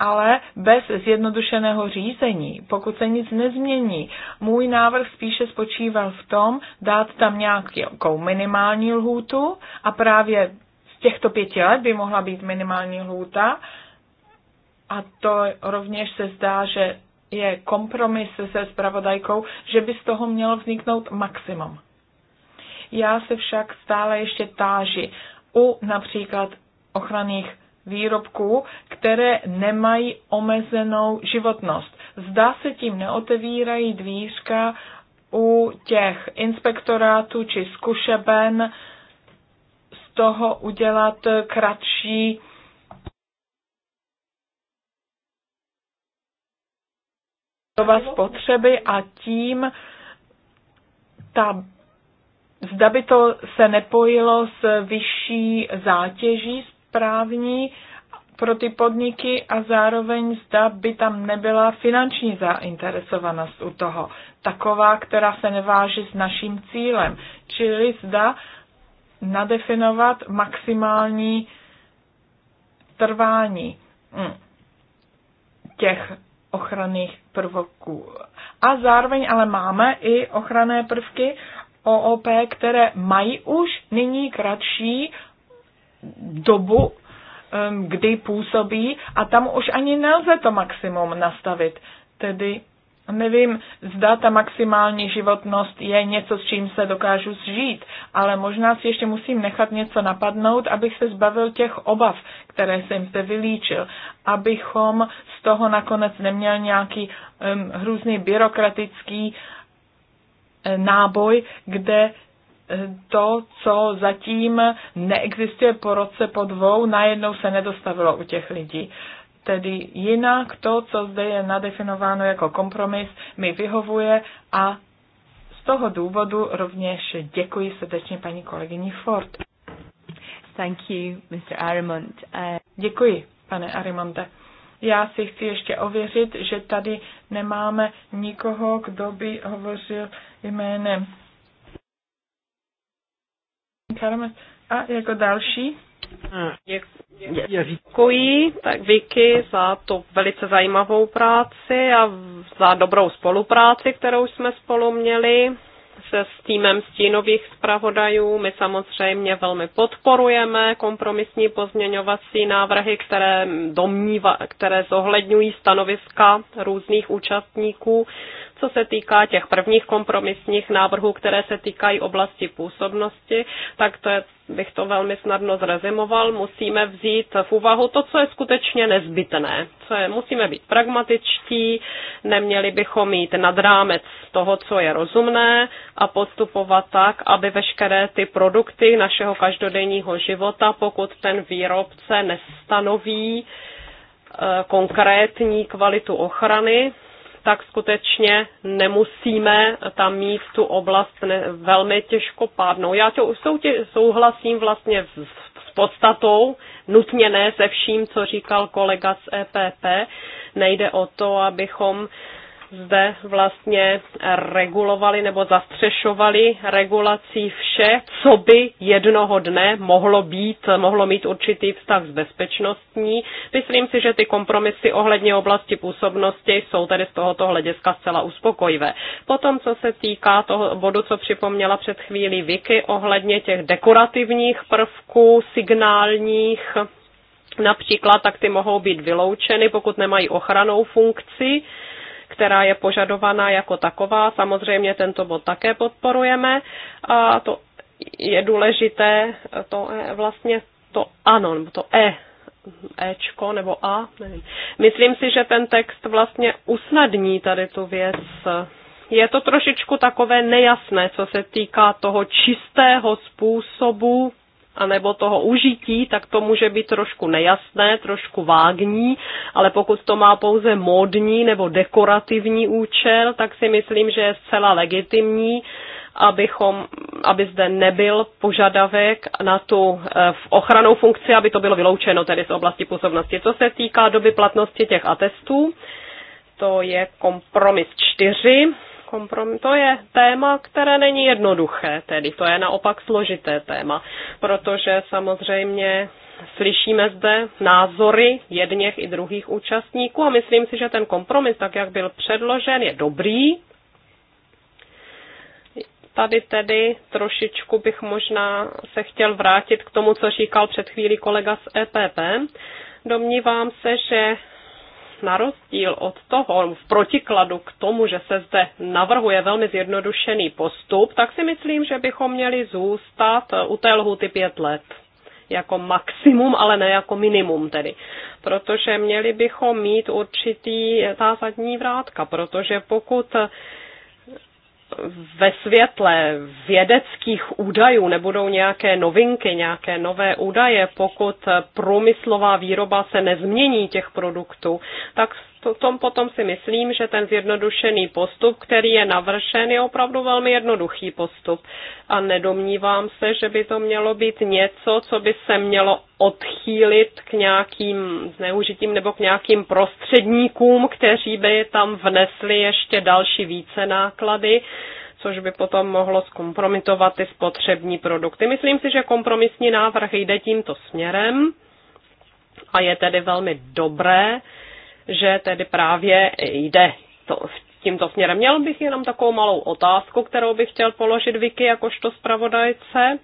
ale bez zjednodušeného řízení, pokud se nic nezmění. Můj návrh spíše spočíval v tom dát tam nějakou minimální lhůtu a právě z těchto pěti let by mohla být minimální lhůta a to rovněž se zdá, že je kompromis se spravodajkou, že by z toho mělo vzniknout maximum. Já se však stále ještě táži u například ochranných výrobků, které nemají omezenou životnost. Zdá se tím neotevírají dvířka u těch inspektorátů či zkušeben z toho udělat kratší spotřeby a tím ta zda by to se nepojilo s vyšší zátěží, s správní pro ty podniky a zároveň zda by tam nebyla finanční zainteresovanost u toho, taková, která se neváže s naším cílem. Čili zda nadefinovat maximální trvání mm, těch ochranných prvků. A zároveň ale máme i ochranné prvky OOP, které mají už nyní kratší dobu, kdy působí a tam už ani nelze to maximum nastavit. Tedy nevím, zda ta maximální životnost je něco, s čím se dokážu zžít, ale možná si ještě musím nechat něco napadnout, abych se zbavil těch obav, které jsem se vylíčil, abychom z toho nakonec neměl nějaký um, hrůzný byrokratický náboj, kde to, co zatím neexistuje po roce, po dvou, najednou se nedostavilo u těch lidí. Tedy jinak to, co zde je nadefinováno jako kompromis, mi vyhovuje a z toho důvodu rovněž děkuji srdečně paní kolegyni Ford. Thank you, Mr. Arimont. Uh... Děkuji, pane Arimonte. Já si chci ještě ověřit, že tady nemáme nikoho, kdo by hovořil jménem a jako další? Děkuji tak Vicky za tu velice zajímavou práci a za dobrou spolupráci, kterou jsme spolu měli se s týmem stínových zpravodajů. My samozřejmě velmi podporujeme kompromisní pozměňovací návrhy, které, domníva, které zohledňují stanoviska různých účastníků co se týká těch prvních kompromisních návrhů, které se týkají oblasti působnosti, tak to je, bych to velmi snadno zrezimoval. Musíme vzít v úvahu to, co je skutečně nezbytné. Co je, musíme být pragmatičtí, neměli bychom jít nad rámec toho, co je rozumné a postupovat tak, aby veškeré ty produkty našeho každodenního života, pokud ten výrobce nestanoví eh, konkrétní kvalitu ochrany, tak skutečně nemusíme tam mít tu oblast ne, velmi pádnou. Já tě, soutě, souhlasím vlastně s, s podstatou, nutně ne se vším, co říkal kolega z EPP. Nejde o to, abychom uh, zde vlastně regulovali nebo zastřešovali regulací vše, co by jednoho dne mohlo být, mohlo mít určitý vztah s bezpečnostní. Myslím si, že ty kompromisy ohledně oblasti působnosti jsou tedy z tohoto hlediska zcela uspokojivé. Potom, co se týká toho bodu, co připomněla před chvílí Vicky, ohledně těch dekorativních prvků, signálních, například, tak ty mohou být vyloučeny, pokud nemají ochranou funkci která je požadovaná jako taková. Samozřejmě tento bod také podporujeme a to je důležité, to je vlastně to ano, nebo to E, Ečko nebo A, nevím. Myslím si, že ten text vlastně usnadní tady tu věc. Je to trošičku takové nejasné, co se týká toho čistého způsobu anebo toho užití, tak to může být trošku nejasné, trošku vágní, ale pokud to má pouze módní nebo dekorativní účel, tak si myslím, že je zcela legitimní, abychom, aby zde nebyl požadavek na tu eh, v ochranou funkci, aby to bylo vyloučeno tedy z oblasti působnosti. Co se týká doby platnosti těch atestů, to je kompromis 4 kompromis. To je téma, které není jednoduché, tedy to je naopak složité téma, protože samozřejmě slyšíme zde názory jedněch i druhých účastníků a myslím si, že ten kompromis, tak jak byl předložen, je dobrý. Tady tedy trošičku bych možná se chtěl vrátit k tomu, co říkal před chvílí kolega z EPP. Domnívám se, že na rozdíl od toho, v protikladu k tomu, že se zde navrhuje velmi zjednodušený postup, tak si myslím, že bychom měli zůstat u té lhuty pět let jako maximum, ale ne jako minimum tedy. Protože měli bychom mít určitý zásadní vrátka, protože pokud ve světle vědeckých údajů nebudou nějaké novinky, nějaké nové údaje, pokud průmyslová výroba se nezmění těch produktů, tak tom potom si myslím, že ten zjednodušený postup, který je navršen, je opravdu velmi jednoduchý postup. A nedomnívám se, že by to mělo být něco, co by se mělo odchýlit k nějakým zneužitím nebo k nějakým prostředníkům, kteří by tam vnesli ještě další více náklady což by potom mohlo zkompromitovat ty spotřební produkty. Myslím si, že kompromisní návrh jde tímto směrem a je tedy velmi dobré, že tedy právě jde to tímto směrem. Měl bych jenom takovou malou otázku, kterou bych chtěl položit Vicky jakožto zpravodajce.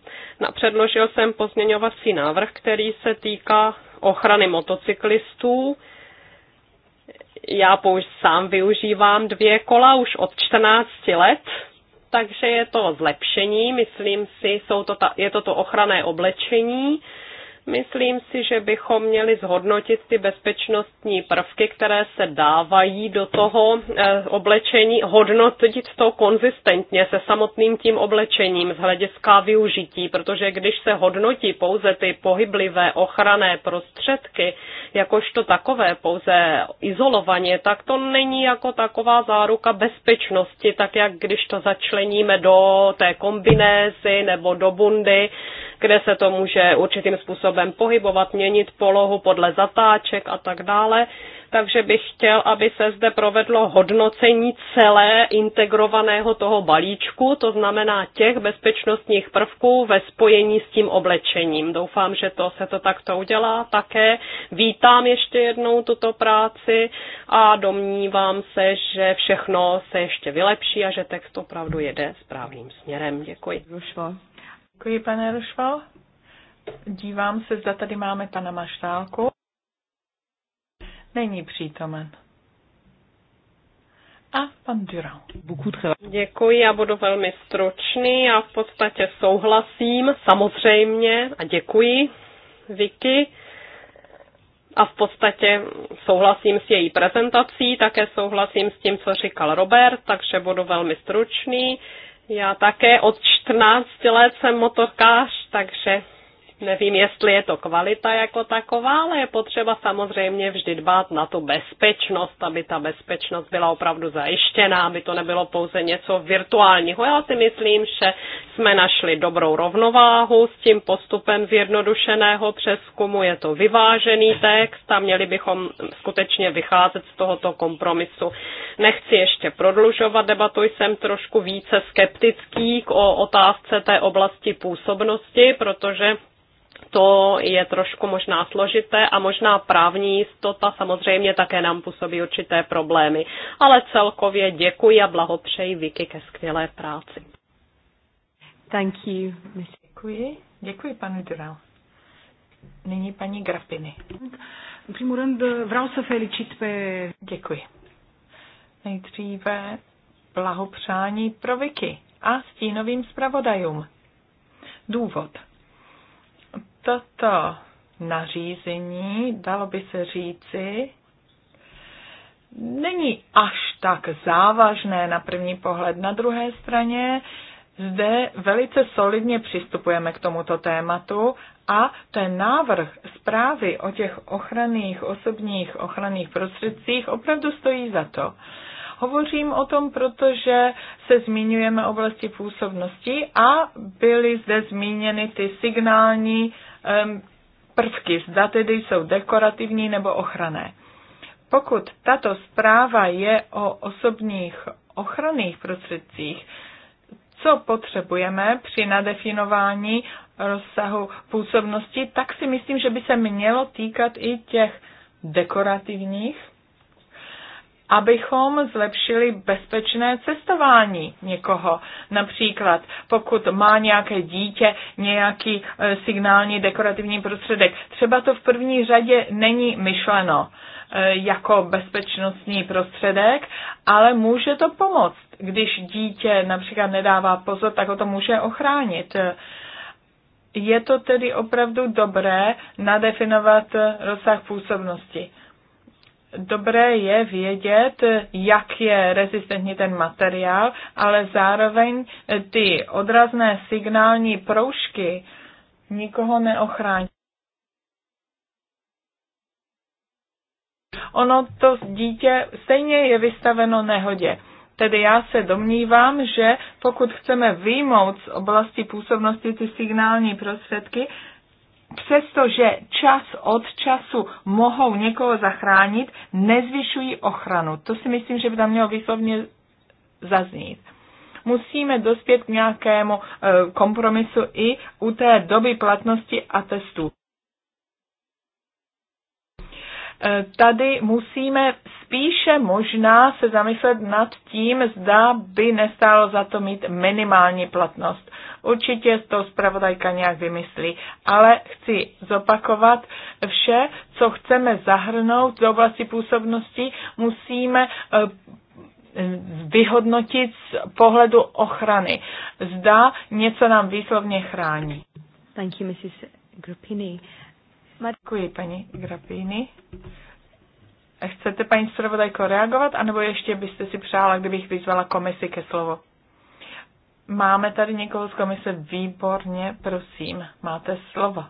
Předložil jsem pozměňovací návrh, který se týká ochrany motocyklistů. Já už sám využívám dvě kola už od 14 let, takže je to zlepšení, myslím si, jsou to ta, je to to ochranné oblečení, Myslím si, že bychom měli zhodnotit ty bezpečnostní prvky, které se dávají do toho eh, oblečení, hodnotit to konzistentně se samotným tím oblečením z hlediska využití, protože když se hodnotí pouze ty pohyblivé ochranné prostředky, jakožto takové pouze izolovaně, tak to není jako taková záruka bezpečnosti, tak jak když to začleníme do té kombinézy nebo do bundy, kde se to může určitým způsobem pohybovat, měnit polohu podle zatáček a tak dále. Takže bych chtěl, aby se zde provedlo hodnocení celé integrovaného toho balíčku, to znamená těch bezpečnostních prvků ve spojení s tím oblečením. Doufám, že to se to takto udělá také. Vítám ještě jednou tuto práci a domnívám se, že všechno se ještě vylepší a že text opravdu jede správným směrem. Děkuji. Děkuji, pane Rošval. Dívám se, zda tady máme pana Maštálku. Není přítomen. A pan Dural. Děkuji, já budu velmi stručný. a v podstatě souhlasím, samozřejmě, a děkuji, Vicky. A v podstatě souhlasím s její prezentací, také souhlasím s tím, co říkal Robert, takže budu velmi stručný. Já také od 14 let jsem motorkář, takže Nevím, jestli je to kvalita jako taková, ale je potřeba samozřejmě vždy dbát na tu bezpečnost, aby ta bezpečnost byla opravdu zajištěná, aby to nebylo pouze něco virtuálního. Já si myslím, že jsme našli dobrou rovnováhu s tím postupem zjednodušeného přeskumu. Je to vyvážený text a měli bychom skutečně vycházet z tohoto kompromisu. Nechci ještě prodlužovat debatu, jsem trošku více skeptický o otázce té oblasti působnosti, protože to je trošku možná složité a možná právní jistota samozřejmě také nám působí určité problémy. Ale celkově děkuji a blahopřeji Vicky ke skvělé práci. Thank you. Děkuji. Děkuji, panu Dural. Nyní paní Grafiny. În primul rând, pe... Děkuji. Nejdříve blahopřání pro Vicky a stínovým zpravodajům. Důvod toto nařízení, dalo by se říci, není až tak závažné na první pohled. Na druhé straně zde velice solidně přistupujeme k tomuto tématu a ten návrh zprávy o těch ochranných osobních ochranných prostředcích opravdu stojí za to. Hovořím o tom, protože se zmiňujeme oblasti působnosti a byly zde zmíněny ty signální prvky, zda tedy jsou dekorativní nebo ochranné. Pokud tato zpráva je o osobních ochranných prostředcích, co potřebujeme při nadefinování rozsahu působnosti, tak si myslím, že by se mělo týkat i těch dekorativních abychom zlepšili bezpečné cestování někoho. Například, pokud má nějaké dítě nějaký e, signální dekorativní prostředek, třeba to v první řadě není myšleno e, jako bezpečnostní prostředek, ale může to pomoct. Když dítě například nedává pozor, tak ho to může ochránit. E, je to tedy opravdu dobré nadefinovat rozsah působnosti dobré je vědět, jak je rezistentní ten materiál, ale zároveň ty odrazné signální proužky nikoho neochrání. Ono to dítě stejně je vystaveno nehodě. Tedy já se domnívám, že pokud chceme výjmout z oblasti působnosti ty signální prostředky, přestože čas od času mohou někoho zachránit, nezvyšují ochranu. To si myslím, že by tam mělo výslovně zaznít. Musíme dospět k nějakému eh, kompromisu i u té doby platnosti atestů. Eh, tady musíme spíše možná se zamyslet nad tím, zda by nestálo za to mít minimální platnost. Určitě to zpravodajka nějak vymyslí, ale chci zopakovat, vše, co chceme zahrnout do oblasti působnosti, musíme eh, vyhodnotit z pohledu ochrany. Zda něco nám výslovně chrání. Thank you, Mrs. Grupini. Děkuji, paní Grapini. Chcete, paní zpravodajko, reagovat, anebo ještě byste si přála, kdybych vyzvala komisi ke slovu? Máme tady někoho z komise, výborně, prosím, máte slovo.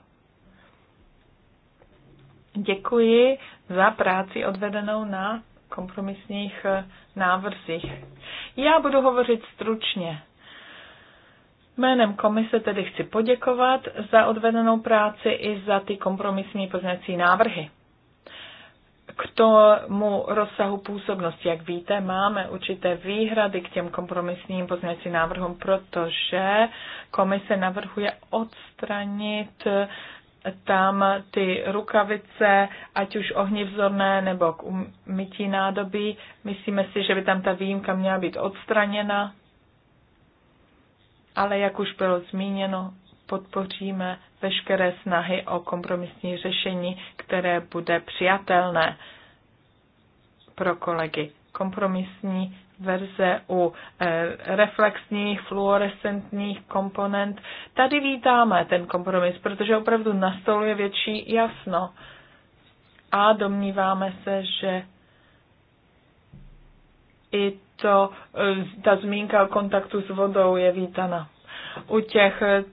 Děkuji za práci odvedenou na kompromisních eh, návrzích. Já budu hovořit stručně. Jménem komise tedy chci poděkovat za odvedenou práci i za ty kompromisní poznací návrhy. K tomu rozsahu působnosti, jak víte, máme určité výhrady k těm kompromisním poznacím návrhům, protože komise navrhuje odstranit tam ty rukavice, ať už ohnivzorné nebo k umytí nádobí. Myslíme si, že by tam ta výjimka měla být odstraněna ale jak už bylo zmíněno, podpoříme veškeré snahy o kompromisní řešení, které bude přijatelné pro kolegy. Kompromisní verze u eh, reflexních fluorescentních komponent. Tady vítáme ten kompromis, protože opravdu nastoluje větší jasno. A domníváme se, že i to, e, ta zmínka o kontaktu s vodou je vítana. U těch e,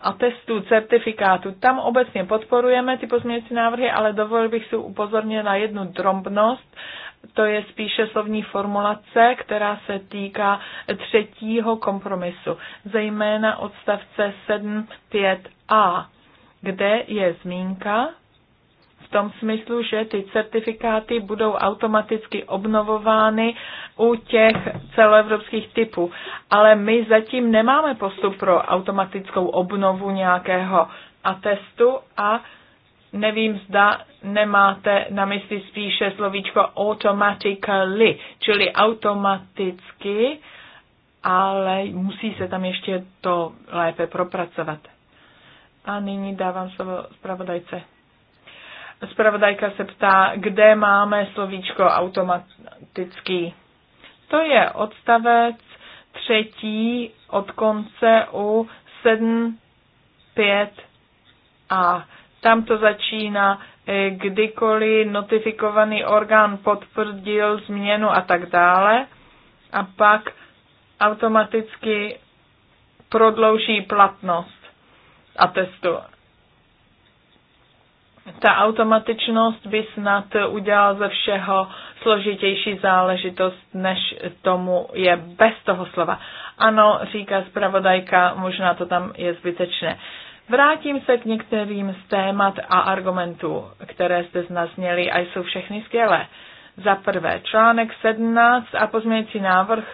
atestů, certifikátů, tam obecně podporujeme ty pozměňující návrhy, ale dovolil bych si upozornit na jednu drobnost, to je spíše slovní formulace, která se týká třetího kompromisu, zejména odstavce 7.5a, kde je zmínka v tom smyslu, že ty certifikáty budou automaticky obnovovány u těch celoevropských typů. Ale my zatím nemáme postup pro automatickou obnovu nějakého atestu a nevím, zda nemáte na mysli spíše slovíčko automatically, čili automaticky, ale musí se tam ještě to lépe propracovat. A nyní dávám slovo zpravodajce. Spravodajka se ptá, kde máme slovíčko automatický. To je odstavec třetí od konce u 7, 5 a tam to začíná eh, kdykoliv notifikovaný orgán potvrdil změnu a tak dále a pak automaticky prodlouží platnost atestu ta automatičnost by snad udělala ze všeho složitější záležitost, než tomu je bez toho slova. Ano, říká zpravodajka, možná to tam je zbytečné. Vrátím se k některým z témat a argumentů, které jste znazněli a jsou všechny skvělé. Za prvé, článek 17 a pozměňující návrh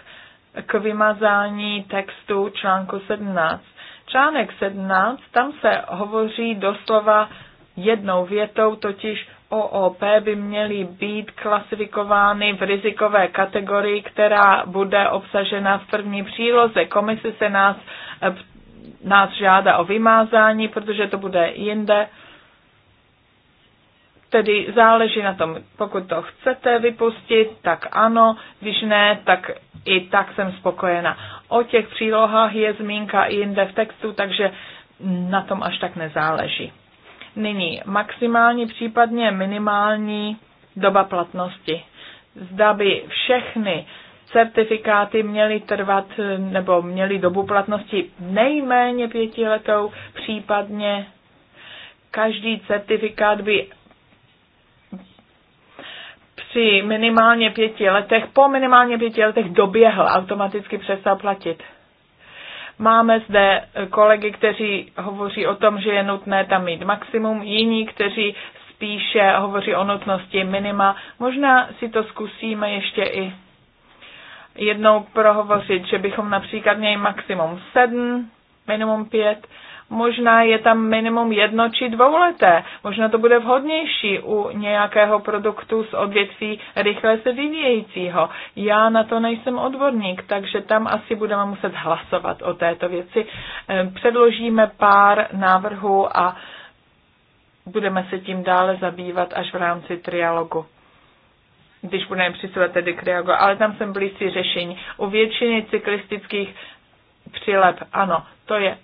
k vymazání textu článku 17. Článek 17, tam se hovoří doslova jednou větou, totiž OOP by měly být klasifikovány v rizikové kategorii, která bude obsažena v první příloze. Komise se nás, nás žádá o vymázání, protože to bude jinde. Tedy záleží na tom, pokud to chcete vypustit, tak ano, když ne, tak i tak jsem spokojena. O těch přílohách je zmínka i jinde v textu, takže na tom až tak nezáleží. Nyní maximální, případně minimální doba platnosti. Zda by všechny certifikáty měly trvat nebo měly dobu platnosti nejméně pětiletou, případně každý certifikát by při minimálně pěti letech, po minimálně pěti letech doběhl, automaticky přestal platit. Máme zde kolegy, kteří hovoří o tom, že je nutné tam mít maximum, jiní, kteří spíše hovoří o nutnosti minima. Možná si to zkusíme ještě i jednou prohovořit, že bychom například měli maximum 7, minimum 5 možná je tam minimum jedno či dvouleté. Možná to bude vhodnější u nějakého produktu z odvětví rychle se vyvíjejícího. Já na to nejsem odborník, takže tam asi budeme muset hlasovat o této věci. Předložíme pár návrhů a budeme se tím dále zabývat až v rámci trialogu když budeme přistupovat tedy k Riago, ale tam jsem blízký řešení. U většiny cyklistických přilep, ano, to je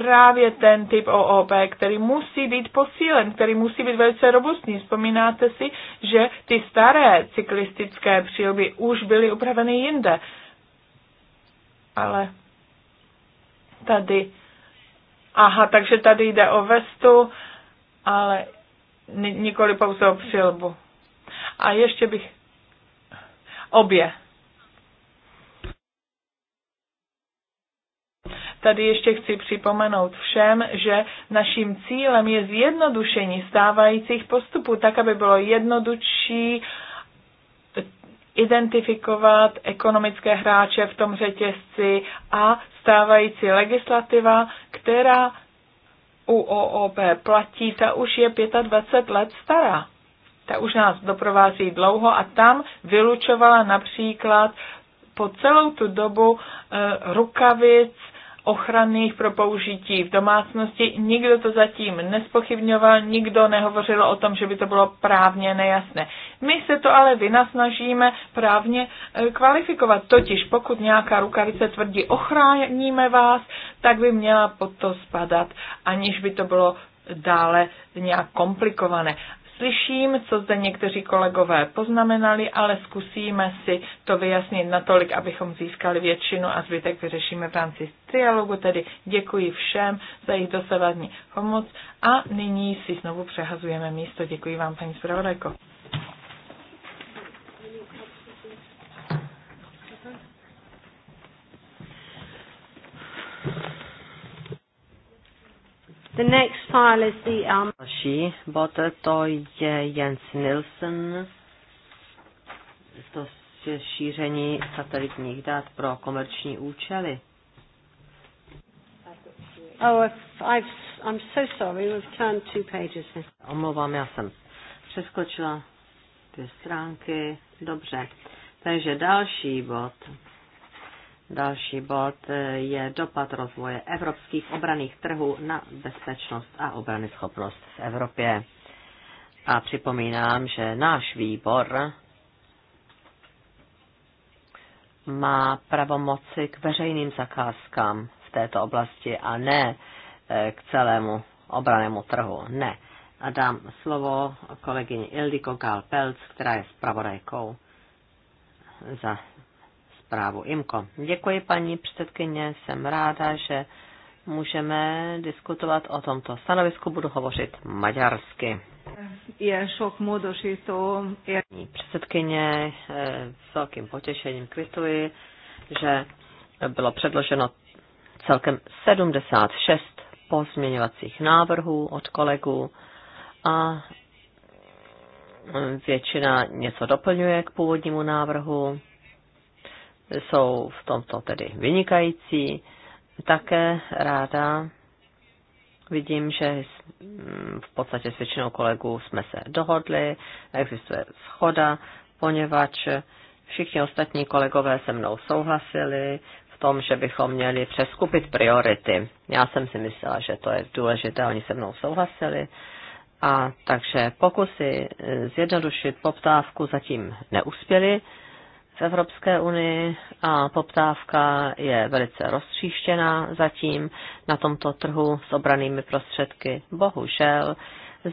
právě ten typ OOP, který musí být posílen, který musí být velice robustní. Vzpomínáte si, že ty staré cyklistické přílby už byly upraveny jinde. Ale tady. Aha, takže tady jde o vestu, ale nikoli pouze o přilbu. A ještě bych obě Tady ještě chci připomenout všem, že naším cílem je zjednodušení stávajících postupů, tak aby bylo jednodušší identifikovat ekonomické hráče v tom řetězci a stávající legislativa, která u OOP platí, ta už je 25 let stará. Ta už nás doprovází dlouho a tam vylučovala například po celou tu dobu eh, rukavit ochranných pro použití v domácnosti. Nikdo to zatím nespochybňoval, nikdo nehovořil o tom, že by to bylo právně nejasné. My se to ale vynasnažíme právně eh, kvalifikovat. Totiž pokud nějaká rukavice tvrdí ochráníme vás, tak by měla pod to spadat, aniž by to bylo dále nějak komplikované. Slyším, co zde někteří kolegové poznamenali, ale zkusíme si to vyjasnit natolik, abychom získali většinu a zbytek vyřešíme v rámci trialogu. Tedy děkuji všem za jejich dosavadní pomoc a nyní si znovu přehazujeme místo. Děkuji vám, paní zpravodajko. The next file is the... Um... Další bod to je Jens Nilsson. To je šíření satelitních dat pro komerční účely. Oh, I've, I'm so sorry, we've turned two pages here. Omlouvám, já jsem přeskočila ty stránky. Dobře. Takže další bod. Další bod eh, je dopad rozvoje evropských obraných trhů na bezpečnost a schopnost v Evropě. A připomínám, že náš výbor má pravomoci k veřejným zakázkám v této oblasti a ne eh, k celému obranému trhu. Ne. A dám slovo kolegyni Ildiko Galpelc, která je zpravodajkou za zprávu Imko. Děkuji, paní předsedkyně, jsem ráda, že můžeme diskutovat o tomto stanovisku. Budu hovořit maďarsky. Je šok to je... předsedkyně, eh, s velkým potěšením kvituji, že bylo předloženo celkem 76 pozměňovacích návrhů od kolegů a většina něco doplňuje k původnímu návrhu jsou v tomto tedy vynikající. Také ráda vidím, že v podstatě s většinou kolegů jsme se dohodli, existuje schoda, poněvadž všichni ostatní kolegové se mnou souhlasili v tom, že bychom měli přeskupit priority. Já jsem si myslela, že to je důležité, oni se mnou souhlasili. A takže pokusy zjednodušit poptávku zatím neuspěly, Evropské unii a poptávka je velice roztříštěná zatím na tomto trhu s obranými prostředky. Bohužel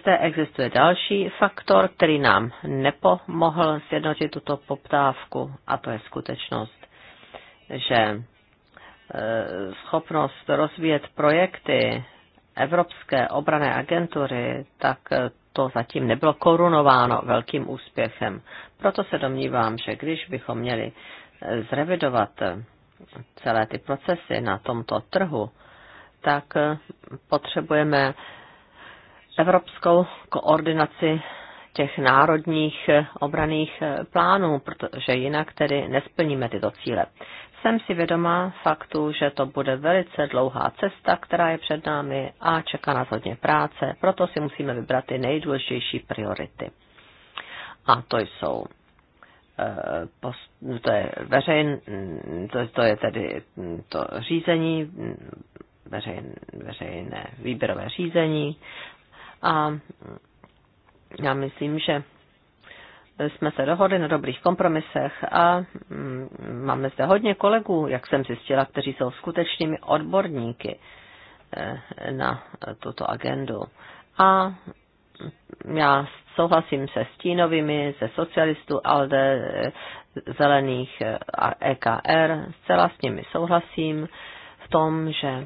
zde existuje další faktor, který nám nepomohl sjednotit tuto poptávku a to je skutečnost, že e, schopnost rozvíjet projekty Evropské obrané agentury, tak to zatím nebylo korunováno velkým úspěchem. Proto se domnívám, že když bychom měli eh, zrevidovat eh, celé ty procesy na tomto trhu, tak eh, potřebujeme evropskou koordinaci těch národních obraných plánů, protože jinak tedy nesplníme tyto cíle. Jsem si vědomá faktu, že to bude velice dlouhá cesta, která je před námi a čeká nás hodně práce, proto si musíme vybrat ty nejdůležitější priority. A to jsou eh, to je veřejn, to, to je tedy to řízení, veřejn, veřejné výběrové řízení a já myslím, že jsme se dohodli na dobrých kompromisech a mm, máme zde hodně kolegů, jak jsem zjistila, kteří jsou skutečnými odborníky eh, na tuto agendu. A mm, já souhlasím se stínovými, se socialistů, ALDE, eh, zelených eh, a EKR, zcela s nimi souhlasím v tom, že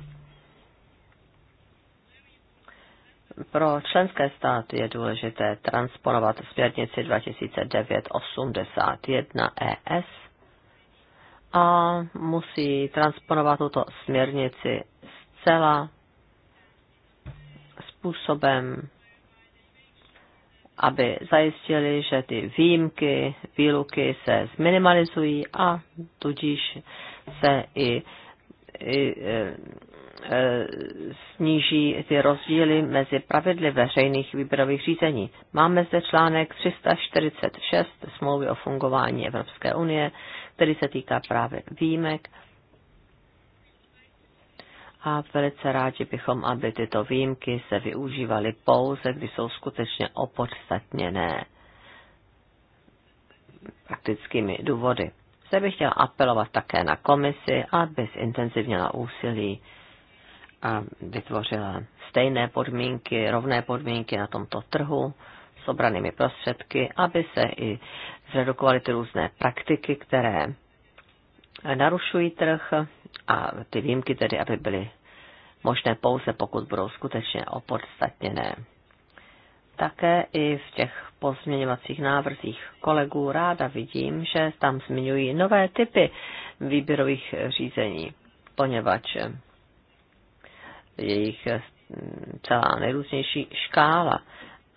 Pro členské státy je důležité transponovat směrnici 2009-81 ES a musí transponovat tuto směrnici zcela způsobem, aby zajistili, že ty výjimky, výluky se zminimalizují a tudíž se i, i e, Eh, sníží ty rozdíly mezi pravidly veřejných výběrových řízení. Máme zde článek 346 smlouvy o fungování Evropské unie, který se týká právě výjimek. A velice rádi bychom, aby tyto výjimky se využívaly pouze, když jsou skutečně opodstatněné praktickými důvody. Zde bych chtěla apelovat také na komisi, aby zintenzivněla úsilí a vytvořila stejné podmínky, rovné podmínky na tomto trhu s obranými prostředky, aby se i zredukovaly ty různé praktiky, které narušují trh a ty výjimky tedy, aby byly možné pouze, pokud budou skutečně opodstatněné. Také i v těch pozměňovacích návrzích kolegů ráda vidím, že tam zmiňují nové typy výběrových řízení, poněvadž jejich eh, celá nejrůznější škála.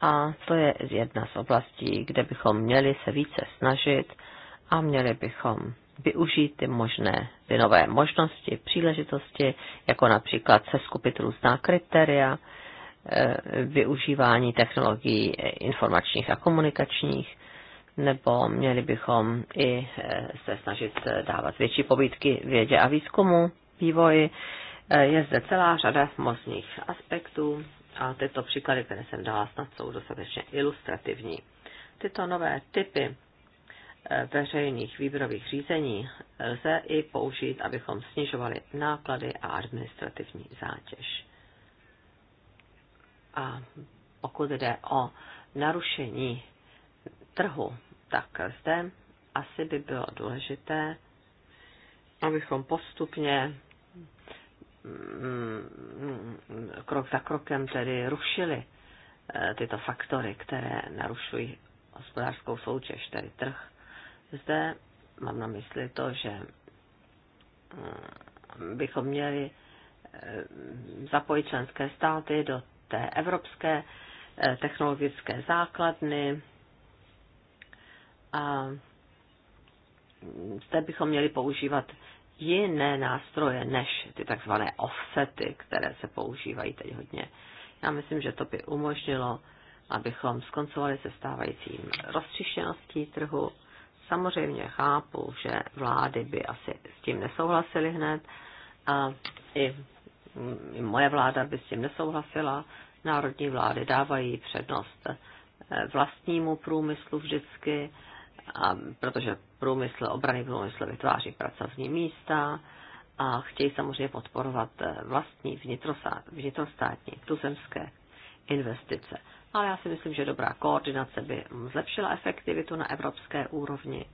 A to je jedna z oblastí, kde bychom měli se více snažit a měli bychom využít ty možné, ty nové možnosti, příležitosti, jako například se skupit různá kritéria, eh, využívání technologií informačních a komunikačních, nebo měli bychom i eh, se snažit dávat větší pobídky vědě a výzkumu, vývoji, je zde celá řada mozních aspektů a tyto příklady, které jsem dala, snad jsou dostatečně ilustrativní. Tyto nové typy eh, veřejných výběrových řízení lze i použít, abychom snižovali náklady a administrativní zátěž. A pokud jde o narušení trhu, tak zde asi by bylo důležité, abychom postupně Mm, krok za krokem tedy rušili eh, tyto faktory, které narušují hospodářskou soutěž, tedy trh. Zde mám na mysli to, že mm, bychom měli eh, zapojit členské státy do té evropské eh, technologické základny a mm, zde bychom měli používat jiné nástroje než ty takzvané offsety, které se používají teď hodně. Já myslím, že to by umožnilo, abychom skoncovali se stávajícím rozčištěností trhu. Samozřejmě chápu, že vlády by asi s tím nesouhlasily hned a i, i moje vláda by s tím nesouhlasila. Národní vlády dávají přednost eh, vlastnímu průmyslu vždycky a protože průmysl, obrany průmysl vytváří pracovní místa a chtějí samozřejmě podporovat eh, vlastní vnitrostátní, tuzemské investice. Ale já si myslím, že dobrá koordinace by zlepšila efektivitu na evropské úrovni.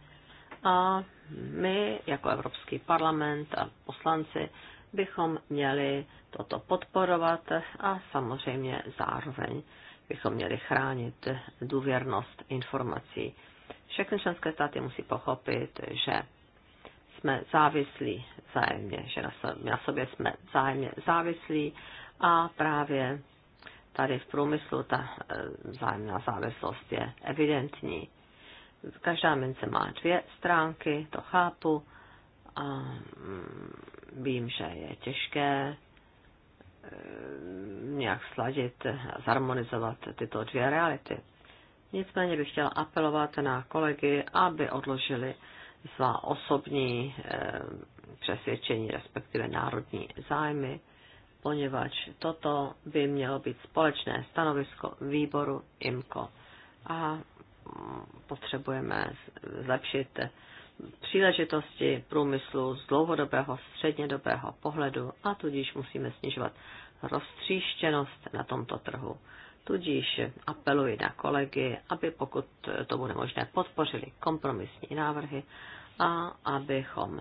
A my, jako Evropský parlament a poslanci, bychom měli toto podporovat a samozřejmě zároveň bychom měli chránit důvěrnost informací všechny členské státy musí pochopit, že jsme závislí vzájemně, že na sobě jsme vzájemně závislí a právě tady v průmyslu ta eh, vzájemná závislost je evidentní. Každá mince má dvě stránky, to chápu a mm, vím, že je těžké eh, nějak sladit, zharmonizovat tyto dvě reality. Nicméně bych chtěla apelovat na kolegy, aby odložili svá osobní eh, přesvědčení, respektive národní zájmy, poněvadž toto by mělo být společné stanovisko výboru IMCO. A mm, potřebujeme zlepšit příležitosti průmyslu z dlouhodobého, střednědobého pohledu a tudíž musíme snižovat roztříštěnost na tomto trhu. Tudíž apeluji na kolegy, aby pokud to bude možné, podpořili kompromisní návrhy a abychom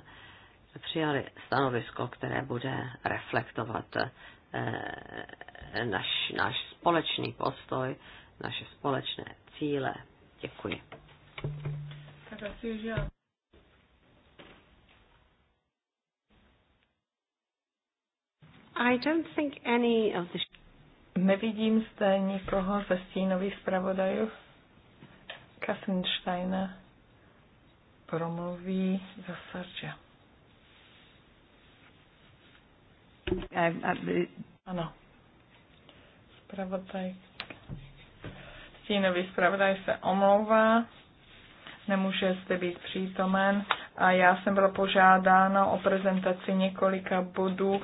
přijali stanovisko, které bude reflektovat eh, naš, náš společný postoj, naše společné cíle. Děkuji. I don't think any of the Nevidím zde nikoho ze stínových zpravodajů. Kassensteiner promluví za Sarge. Eh, ano. Spravodaj. Stínový zpravodaj se omlouvá, nemůže zde být přítomen a já jsem byla požádána o prezentaci několika bodů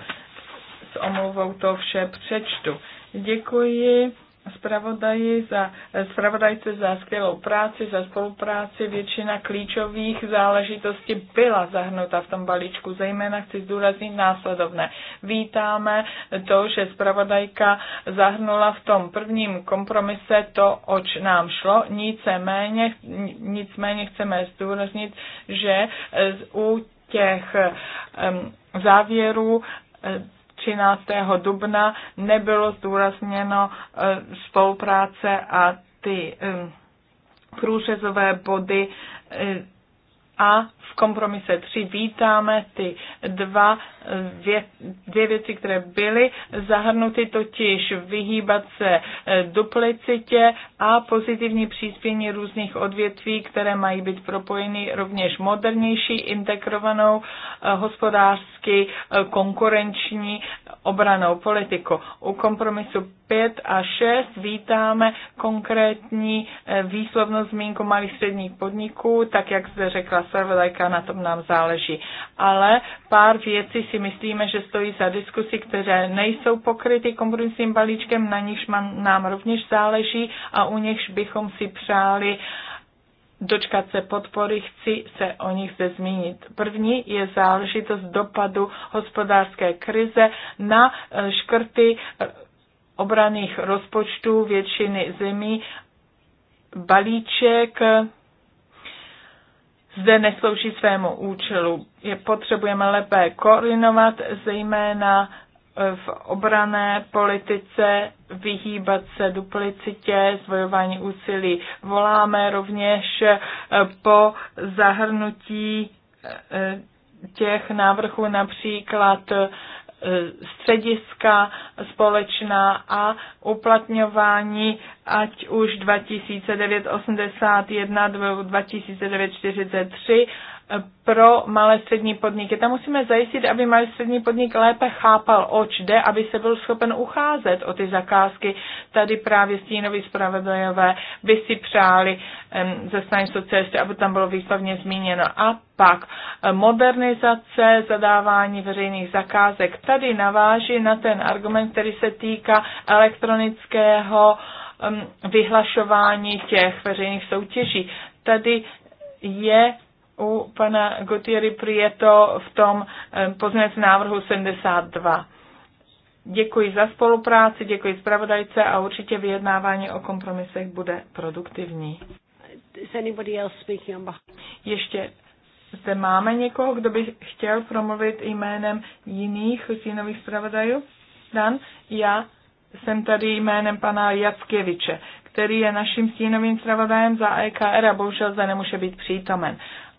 s omluvou to vše přečtu. Děkuji zpravodaji za, zpravodajce za skvělou práci, za spolupráci. Většina klíčových záležitostí byla zahrnuta v tom balíčku. Zejména chci zdůraznit následovné. Vítáme to, že zpravodajka zahrnula v tom prvním kompromise to, oč nám šlo. Nicméně, nicméně chceme zdůraznit, že u těch závěrů 13. dubna nebylo zdůrazněno eh, spolupráce a ty eh, průřezové body eh, a v kompromise 3 vítáme ty dva eh, vě, dvě věci, které byly zahrnuty, totiž vyhýbat se eh, duplicitě a pozitivní příspění různých odvětví, které mají být propojeny rovněž modernější, integrovanou eh, hospodářsky konkurenční obranou politiku. U kompromisu 5 a 6 vítáme konkrétní výslovnost zmínku malých středních podniků, tak jak zde řekla zpravodajka, na tom nám záleží. Ale pár věcí si myslíme, že stojí za diskusy, které nejsou pokryty kompromisním balíčkem, na nichž nám rovněž záleží a u nichž bychom si přáli dočkat se podpory, chci se o nich zde zmínit. První je záležitost dopadu hospodářské krize na e, škrty e, obraných rozpočtů většiny zemí balíček zde neslouží svému účelu. Je potřebujeme lépe koordinovat, zejména e, v obrané politice vyhýbat se duplicitě, zvojování úsilí. Voláme rovněž e, po zahrnutí e, těch návrhů například E, střediska společná a uplatňování ať už 2009-81, 2009-43 pro malé střední podniky. Tam musíme zajistit, aby malý střední podnik lépe chápal, oč jde, aby se byl schopen ucházet o ty zakázky. Tady právě stínoví spravedlivé by si přáli ze strany socialisty, aby tam bylo výslovně zmíněno. A pak eh, modernizace zadávání veřejných zakázek. Tady naváží na ten argument, který se týká elektronického vyhlašování těch veřejných soutěží. Tady je u pana Gotieri Prieto v tom eh, pozměnec návrhu 72. Děkuji za spolupráci, děkuji zpravodajce a určitě vyjednávání o kompromisech bude produktivní. Ještě zde máme někoho, kdo by chtěl promluvit jménem jiných stínových zpravodajů? Dan, já jsem tady jménem pana Jackeviče, který je naším stínovým zpravodajem za EKR a bohužel zde nemůže být přítomen.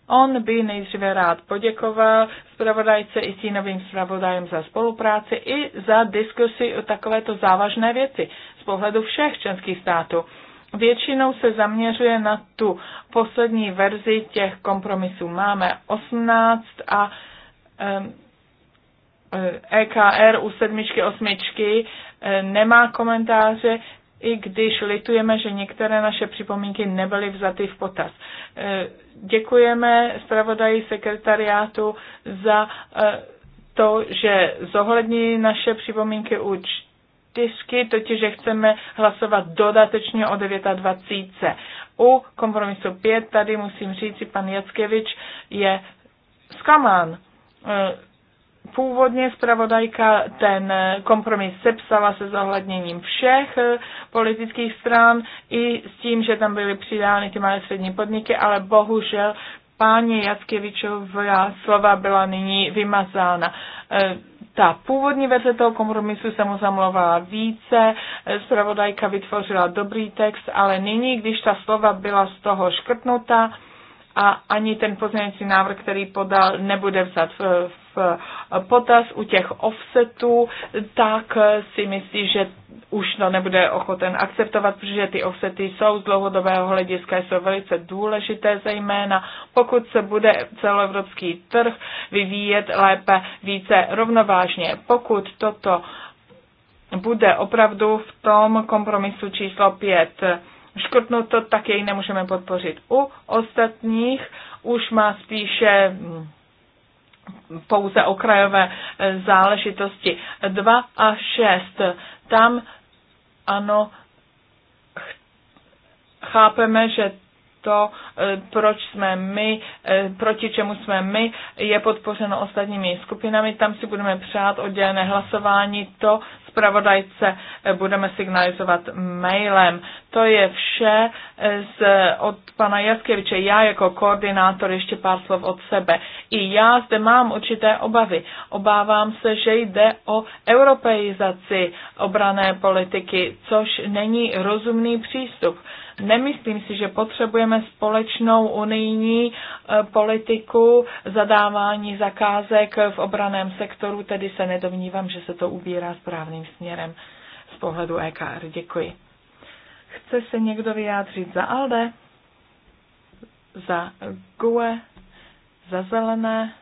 On by nejdříve rád poděkoval zpravodajce i sínovým zpravodajem za spolupráci i za diskusi o takovéto závažné věci z pohledu všech členských států. Většinou se zaměřuje na tu poslední verzi těch kompromisů. Máme 18 a um, EKR e u sedmičky, osmičky e, nemá komentáře, i když litujeme, že některé naše připomínky nebyly vzaty v potaz. E, děkujeme zpravodaji sekretariátu za e, to, že zohlední naše připomínky u čtyřky, totiž že chceme hlasovat dodatečně o 29. U kompromisu 5 tady musím říct, pan Jackevič je zklamán e, Původně zpravodajka ten kompromis sepsala se zohledněním všech politických stran i s tím, že tam byly přidány ty malé střední podniky, ale bohužel páně Jackevičová slova byla nyní vymazána. E, ta původní verze toho kompromisu se mu zamlovala více, e, zpravodajka vytvořila dobrý text, ale nyní, když ta slova byla z toho škrtnuta, a ani ten pozměňující návrh, který podal, nebude vzat v, potaz u těch offsetů, tak si myslí, že už to nebude ochoten akceptovat, protože ty offsety jsou z dlouhodobého hlediska jsou velice důležité, zejména pokud se bude celoevropský trh vyvíjet lépe více rovnovážně. Pokud toto bude opravdu v tom kompromisu číslo 5 škrtnuto, tak jej nemůžeme podpořit. U ostatních už má spíše hm, pouze okrajové eh, záležitosti. 2 a 6. Tam ano, chápeme, že to, eh, proč jsme my, eh, proti čemu jsme my, je podpořeno ostatními skupinami. Tam si budeme přát oddělené hlasování. To zpravodajce eh, budeme signalizovat mailem. To je vše eh, z, od pana Jaskeviče. Já jako koordinátor ještě pár slov od sebe. I já zde mám určité obavy. Obávám se, že jde o europeizaci obrané politiky, což není rozumný přístup. Nemyslím si, že potřebujeme společnou unijní e, politiku zadávání zakázek v obraném sektoru, tedy se nedomnívám, že se to ubírá správným směrem z pohledu EKR. Děkuji. Chce se někdo vyjádřit za ALDE? Za GUE? Za zelené?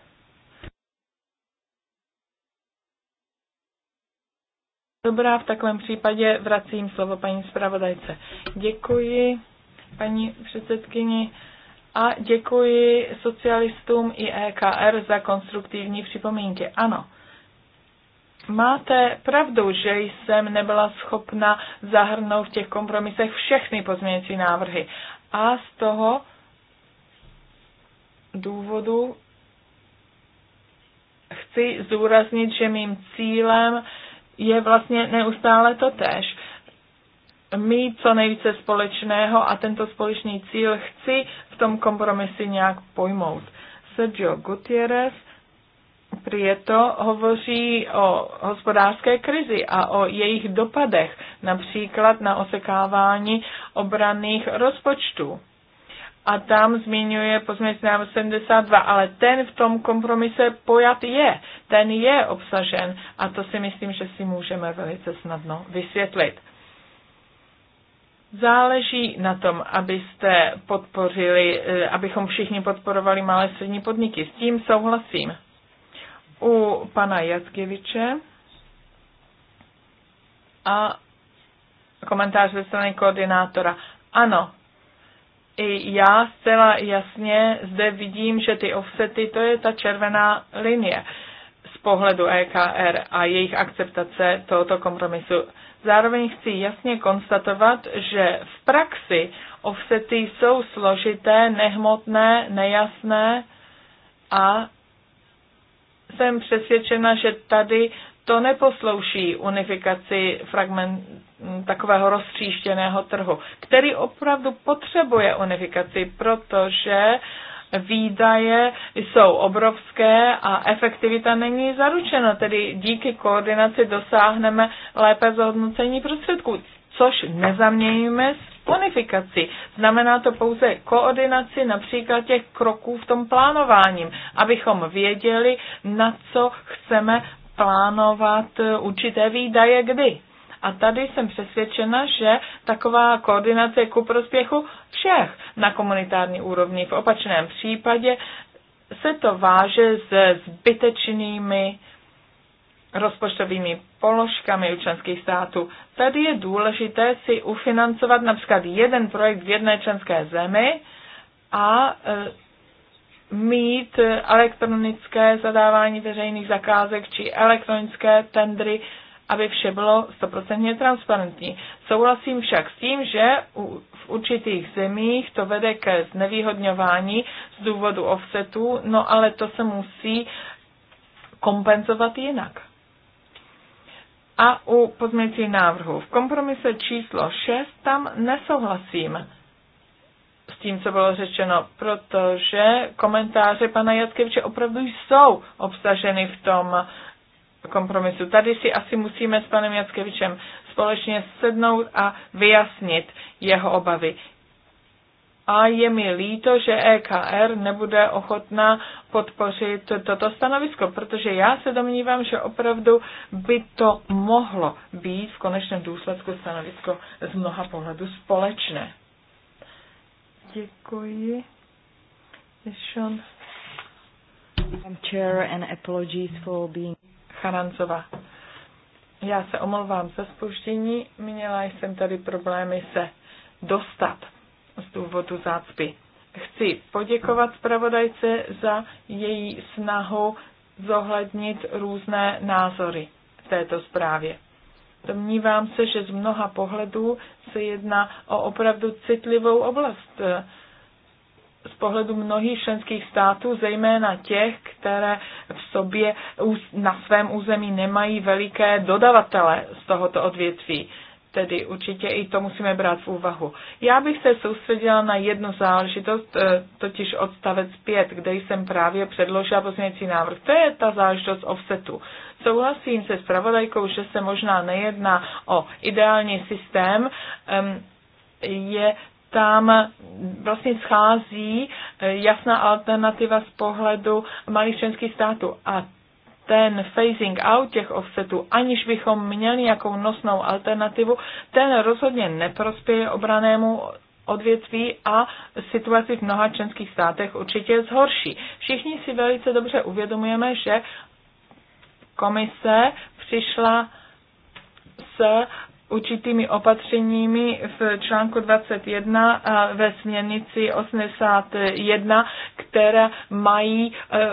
Dobrá, v takovém případě vracím slovo paní zpravodajce. Děkuji paní předsedkyni a děkuji socialistům i EKR za konstruktivní připomínky. Ano, máte pravdu, že jsem nebyla schopna zahrnout v těch kompromisech všechny pozměňující návrhy. A z toho důvodu chci zdůraznit, že mým cílem je vlastně neustále to tež. mít co nejvíce společného a tento společný cíl chci v tom kompromisi nějak pojmout. Sergio Gutierrez Prieto hovoří o hospodářské krizi a o jejich dopadech, například na osekávání obraných rozpočtů a tam zmiňuje pozměňovací návrh 72, ale ten v tom kompromise pojat je, ten je obsažen a to si myslím, že si můžeme velice snadno vysvětlit. Záleží na tom, abyste podpořili, eh, abychom všichni podporovali malé střední podniky. S tím souhlasím. U pana Jackeviče a komentář ze strany koordinátora. Ano, i já zcela jasně zde vidím, že ty offsety, to je ta červená linie z pohledu EKR a jejich akceptace tohoto kompromisu. Zároveň chci jasně konstatovat, že v praxi offsety jsou složité, nehmotné, nejasné a jsem přesvědčena, že tady to neposlouší unifikaci fragment, takového rozstříštěného trhu, který opravdu potřebuje unifikaci, protože výdaje jsou obrovské a efektivita není zaručena, tedy díky koordinaci dosáhneme lépe zhodnocení prostředků, což nezaměníme s unifikací. Znamená to pouze koordinaci například těch kroků v tom plánováním, abychom věděli, na co chceme plánovat určité výdaje kdy. A tady jsem přesvědčena, že taková koordinace je ku prospěchu všech na komunitární úrovni. V opačném případě se to váže se zbytečnými rozpočtovými položkami u členských států. Tady je důležité si ufinancovat například jeden projekt v jedné členské zemi a e, mít elektronické zadávání veřejných zakázek či elektronické tendry, aby vše bylo stoprocentně transparentní. Souhlasím však s tím, že v určitých zemích to vede ke znevýhodňování z důvodu offsetu, no ale to se musí kompenzovat jinak. A u pozměcí návrhů. V kompromise číslo 6 tam nesouhlasím tím, co bylo řečeno, protože komentáře pana Jatkevče opravdu jsou obsaženy v tom kompromisu. Tady si asi musíme s panem Jackevičem společně sednout a vyjasnit jeho obavy. A je mi líto, že EKR nebude ochotná podpořit toto stanovisko, protože já se domnívám, že opravdu by to mohlo být v konečném důsledku stanovisko z mnoha pohledů společné. Děkuji. Sean. I'm chair and apologies for being... Charanzova. Já se omlouvám za spoždění, měla jsem tady problémy se dostat z důvodu zácpy. Chci poděkovat zpravodajce za její snahu zohlednit různé názory v této zprávě. Domnívám se, že z mnoha pohledů se jedná o opravdu citlivou oblast z pohledu mnohých členských států, zejména těch, které v sobě na svém území nemají veliké dodavatele z tohoto odvětví tedy určitě i to musíme brát v úvahu. Já bych se soustředila na jednu záležitost, eh, totiž odstavec 5, kde jsem právě předložila pozměnící návrh. To je ta záležitost offsetu. Souhlasím se s pravodajkou, že se možná nejedná o ideální systém, je tam vlastně schází eh, jasná alternativa z pohledu malých členských států. A ten phasing out těch offsetů, aniž bychom měli jakou nosnou alternativu, ten rozhodně neprospěje obranému odvětví a situaci v mnoha členských státech určitě zhorší. Všichni si velice dobře uvědomujeme, že komise přišla s určitými opatřeními v článku 21 eh, ve směrnici 81, které mají eh,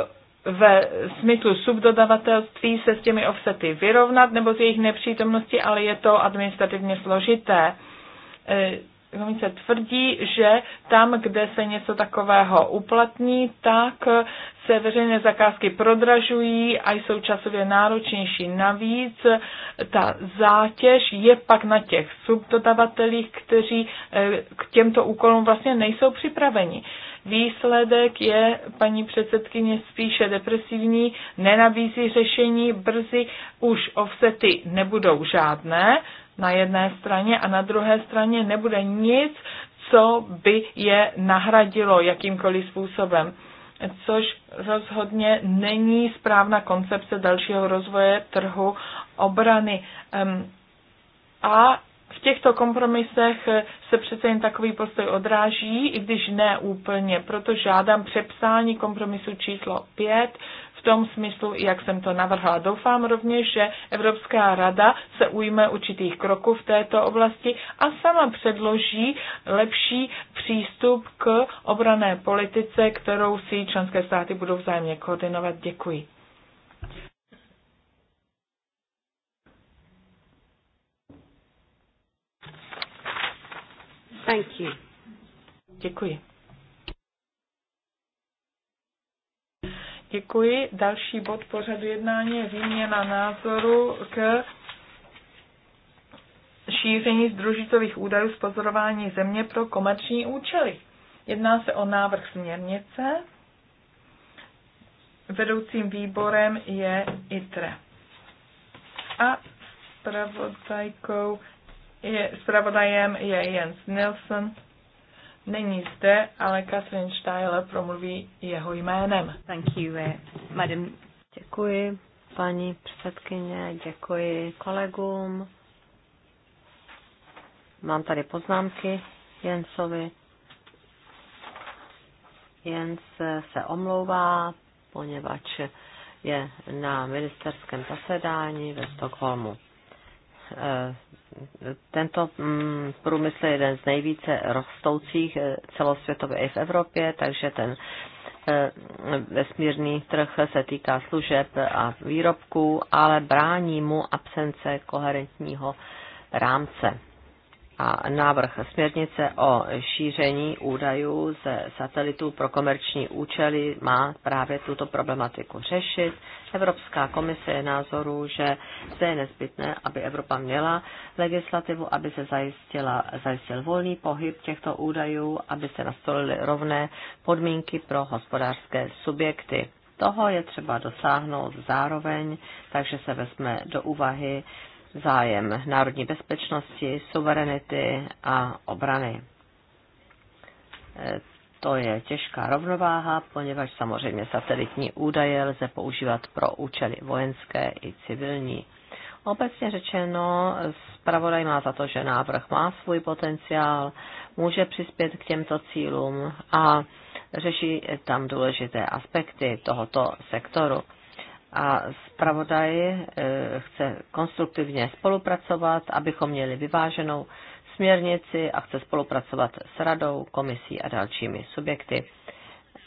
ve smyslu subdodavatelství se s těmi offsety vyrovnat nebo s jejich nepřítomností, ale je to administrativně složité e, se tvrdí, že tam, kde se něco takového uplatní, tak se veřejné zakázky prodražují a jsou časově náročnější. Navíc ta zátěž je pak na těch subdodavatelích, kteří eh, k těmto úkolům vlastně nejsou připraveni. Výsledek je, paní předsedkyně, spíše depresivní, nenabízí řešení, brzy už offsety nebudou žádné, na jedné straně a na druhé straně nebude nic, co by je nahradilo jakýmkoliv způsobem. Což rozhodně není správná koncepce dalšího rozvoje trhu obrany. A v těchto kompromisech se přece jen takový postoj odráží, i když ne úplně. Proto žádám přepsání kompromisu číslo 5, tom smyslu, jak jsem to navrhla. Doufám rovněž, že Evropská rada se ujme určitých kroků v této oblasti a sama předloží lepší přístup k obrané politice, kterou si členské státy budou vzájemně koordinovat. Děkuji. Thank you. Děkuji. Děkuji. Další bod pořadu jednání je výměna názoru k šíření združitových údajů z pozorování země pro komerční účely. Jedná se o návrh směrnice. Vedoucím výborem je ITRE. A spravodajkou je, spravodajem je Jens Nilsson Není zde, ale Catherine Steile promluví jeho jménem. Thank you, eh, madam. Děkuji, paní předsedkyně, děkuji kolegům. Mám tady poznámky Jensovi. Jens se omlouvá, poněvadž je na ministerském zasedání ve Stockholmu tento mm, průmysl je jeden z nejvíce rostoucích eh, celosvětově i v Evropě, takže ten eh, vesmírný trh se týká služeb a výrobků, ale brání mu absence koherentního rámce a návrh směrnice o šíření údajů ze satelitů pro komerční účely má právě tuto problematiku řešit. Evropská komise je názoru, že zde je nezbytné, aby Evropa měla legislativu, aby se zajistila, zajistil volný pohyb těchto údajů, aby se nastolily rovné podmínky pro hospodářské subjekty. Toho je třeba dosáhnout zároveň, takže se vezme do úvahy zájem národní bezpečnosti, suverenity a obrany. E, to je těžká rovnováha, poněvadž samozřejmě satelitní údaje lze používat pro účely vojenské i civilní. Obecně řečeno, zpravodaj má za to, že návrh má svůj potenciál, může přispět k těmto cílům a řeší tam důležité aspekty tohoto sektoru a zpravodaj eh, chce konstruktivně spolupracovat, abychom měli vyváženou směrnici a chce spolupracovat s radou, komisí a dalšími subjekty.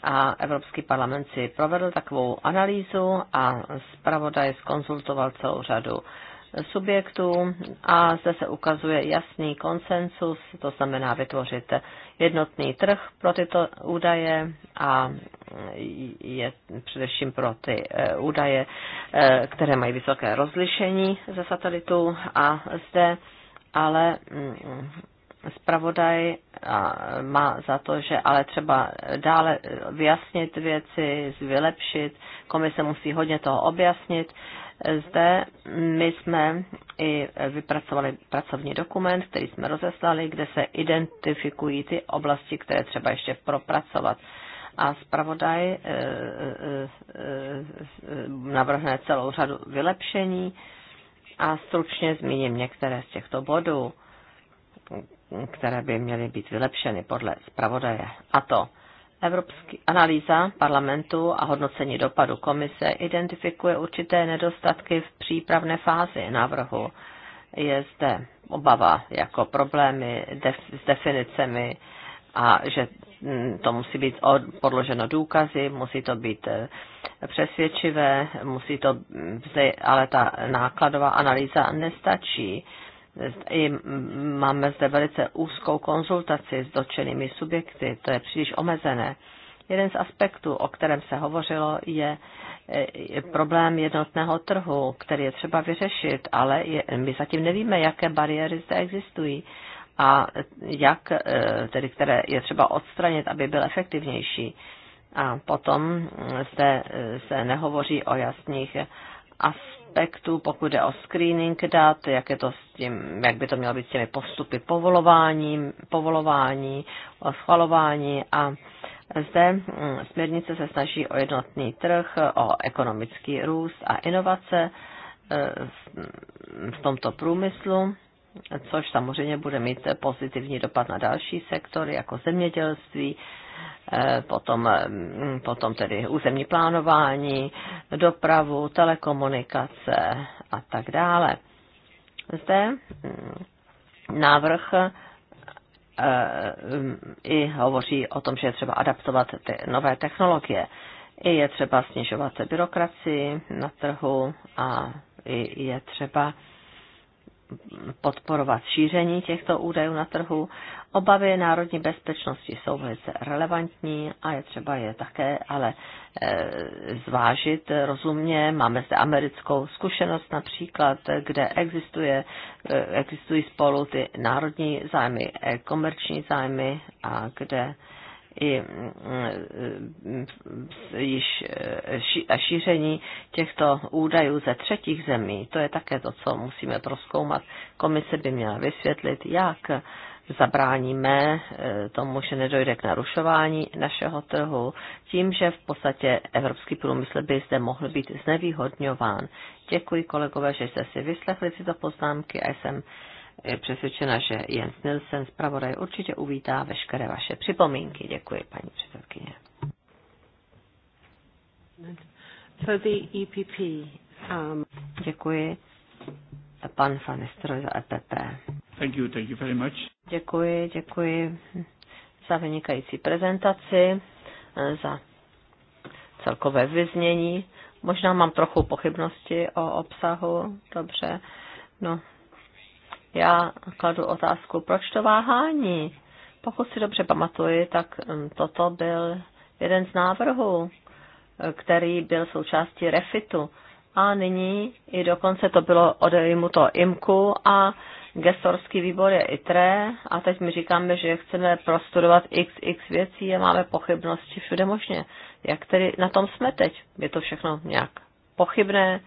A Evropský parlament si provedl takovou analýzu a zpravodaj skonzultoval celou řadu subjektů a zde se ukazuje jasný konsensus, to znamená vytvořit jednotný trh pro tyto údaje a je především pro ty eh, údaje, eh, které mají vysoké rozlišení ze satelitu a zde ale mm, zpravodaj má za to, že ale třeba dále vyjasnit věci, vylepšit, komise musí hodně toho objasnit zde my jsme i vypracovali pracovní dokument, který jsme rozeslali, kde se identifikují ty oblasti, které třeba ještě propracovat. A zpravodaj eh, eh, eh, navrhne celou řadu vylepšení a stručně zmíním některé z těchto bodů, které by měly být vylepšeny podle zpravodaje. A to Evropský analýza parlamentu a hodnocení dopadu komise identifikuje určité nedostatky v přípravné fázi návrhu. Je zde obava jako problémy def- s definicemi a že mm, to musí být podloženo důkazy, musí to být eh, přesvědčivé, musí to, mm, ale ta nákladová analýza nestačí i máme zde velice úzkou konzultaci s dotčenými subjekty, to je příliš omezené. Jeden z aspektů, o kterém se hovořilo, je problém jednotného trhu, který je třeba vyřešit, ale je, my zatím nevíme, jaké bariéry zde existují a jak, e, tedy které je třeba odstranit, aby byl efektivnější. A potom se, e, se nehovoří o jasných aspektů, pokud jde o screening dat, jak, je to s tím, jak by to mělo být s těmi postupy povolování, povolování schvalování a zde mm, směrnice se snaží o jednotný trh, o ekonomický růst a inovace e, v tomto průmyslu, což samozřejmě bude mít pozitivní dopad na další sektory, jako zemědělství, Eh, potom, mm, potom tedy územní plánování, dopravu, telekomunikace a tak dále. Zde mm, návrh eh, mm, i hovoří o tom, že je třeba adaptovat ty nové technologie. I je třeba snižovat byrokracii na trhu a i je třeba podporovat šíření těchto údajů na trhu. Obavy národní bezpečnosti jsou velice relevantní a je třeba je také ale eh, zvážit rozumně. Máme zde americkou zkušenost například, kde existuje, eh, existují spolu ty národní zájmy, eh, komerční zájmy a kde i mm, mm, již eh, a šíření těchto údajů ze třetích zemí. To je také to, co musíme proskoumat. Komise by měla vysvětlit, jak zabráníme eh, tomu, že nedojde k narušování našeho trhu, tím, že v podstatě evropský průmysl by zde mohl být znevýhodňován. Děkuji kolegové, že jste si vyslechli tyto poznámky a jsem je přesvědčena, že Jens Nilsen zpravodaj určitě uvítá veškeré vaše připomínky. Děkuji, paní předsedkyně. For the EPP, um... Děkuji. A pan Fanestro za EPP. Thank you, thank you very much. Děkuji, děkuji za vynikající prezentaci, za celkové vyznění. Možná mám trochu pochybnosti o obsahu, dobře. No, já kladu otázku, proč to váhání? Pokud si dobře pamatuji, tak mm, toto byl jeden z návrhů, který byl součástí refitu. A nyní i dokonce to bylo odejmuto IMKU a gestorský výbor je ITRE a teď my říkáme, že chceme prostudovat xx věcí a máme pochybnosti všude možně. Jak tedy na tom jsme teď? Je to všechno nějak pochybné,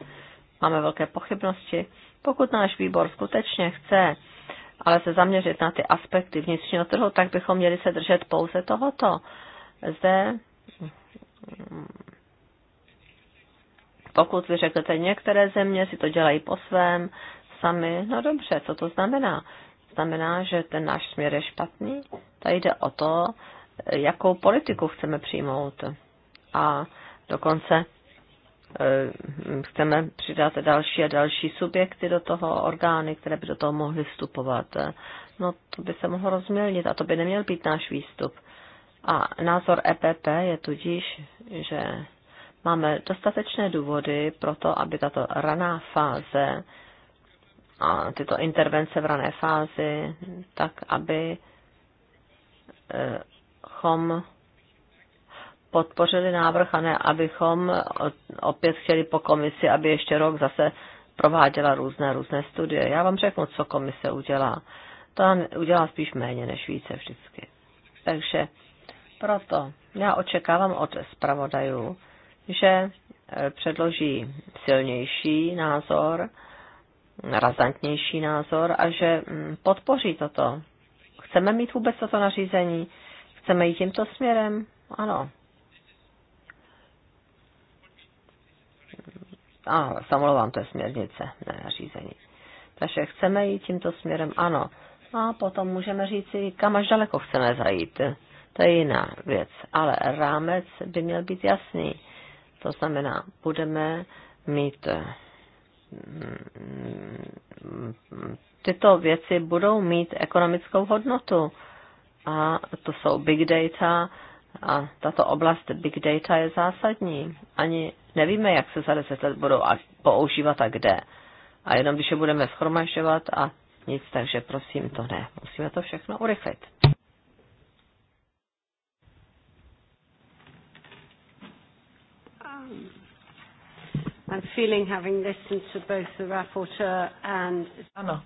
máme velké pochybnosti. Pokud náš výbor skutečně chce ale se zaměřit na ty aspekty vnitřního trhu, tak bychom měli se držet pouze tohoto. Zde, pokud vy řeknete, některé země si to dělají po svém, sami, no dobře, co to znamená? Znamená, že ten náš směr je špatný? Tady jde o to, jakou politiku chceme přijmout. A dokonce Eh, chceme přidat další a další subjekty do toho, orgány, které by do toho mohly vstupovat. Eh, no to by se mohlo rozmělnit a to by neměl být náš výstup. A názor EPP je tudíž, že máme dostatečné důvody pro to, aby tato raná fáze a tyto intervence v rané fázi, tak aby eh, chom podpořili návrh a ne abychom opět chtěli po komisi, aby ještě rok zase prováděla různé, různé studie. Já vám řeknu, co komise udělá. To udělá spíš méně než více vždycky. Takže proto já očekávám od zpravodajů, že e, předloží silnější názor, razantnější názor a že mm, podpoří toto. Chceme mít vůbec toto nařízení? Chceme jít tímto směrem? Ano, a samolovám to je směrnice, ne řízení. Takže chceme jít tímto směrem, ano. A potom můžeme říci, kam až daleko chceme zajít. To je jiná věc. Ale rámec by měl být jasný. To znamená, budeme mít mm, tyto věci budou mít ekonomickou hodnotu. A to jsou big data a tato oblast big data je zásadní. Ani Nevíme, jak se za deset let budou používat a kde. A jenom když je budeme schromažďovat a nic, takže prosím to ne. Musíme to všechno urychlit. Um, I'm feeling having listened to both the rapporteur and... Ano.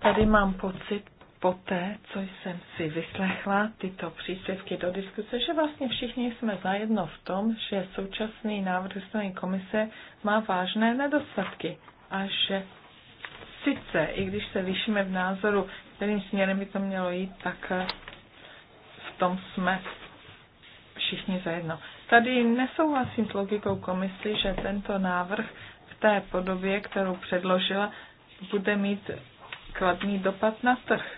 Tady mám pocit poté, co jsem si vyslechla tyto příspěvky do diskuse, že vlastně všichni jsme zajedno v tom, že současný návrh ústavní komise má vážné nedostatky a že sice, i když se vyšíme v názoru, kterým směrem by to mělo jít, tak eh, v tom jsme všichni zajedno. Tady nesouhlasím s logikou komisy, že tento návrh v té podobě, kterou předložila, bude mít kladný dopad na trh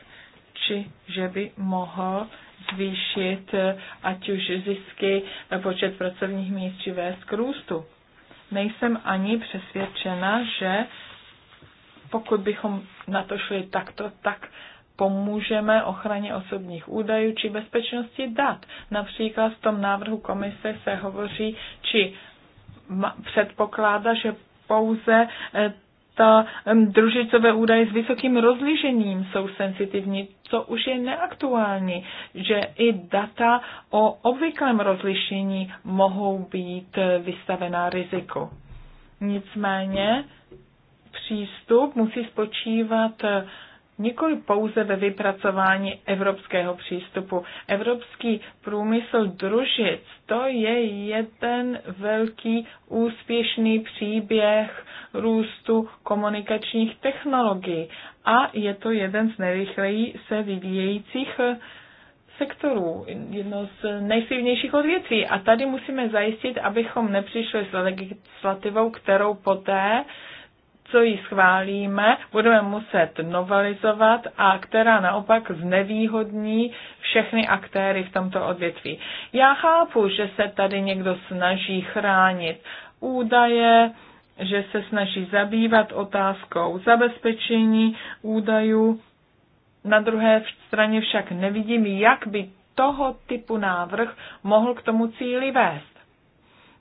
či že by mohl zvýšit eh, ať už zisky, eh, počet pracovních míst či vést k růstu. Nejsem ani přesvědčena, že pokud bychom na to šli takto, tak pomůžeme ochraně osobních údajů či bezpečnosti dat. Například v tom návrhu komise se hovoří, či předpokládá, že pouze eh, ta družicové údaje s vysokým rozlišením jsou sensitivní, co už je neaktuální, že i data o obvyklém rozlišení mohou být eh, vystavená riziku. Nicméně přístup musí spočívat eh, nikoli pouze ve vypracování evropského přístupu. Evropský průmysl družic, to je jeden velký úspěšný příběh růstu komunikačních technologií a je to jeden z nejrychleji se vyvíjejících eh, sektorů, jedno z nejsilnějších odvětví. A tady musíme zajistit, abychom nepřišli s legislativou, kterou poté co ji schválíme, budeme muset novelizovat a která naopak znevýhodní všechny aktéry v tomto odvětví. Já chápu, že se tady někdo snaží chránit údaje, že se snaží zabývat otázkou zabezpečení údajů. Na druhé straně však nevidím, jak by toho typu návrh mohl k tomu cíli vést.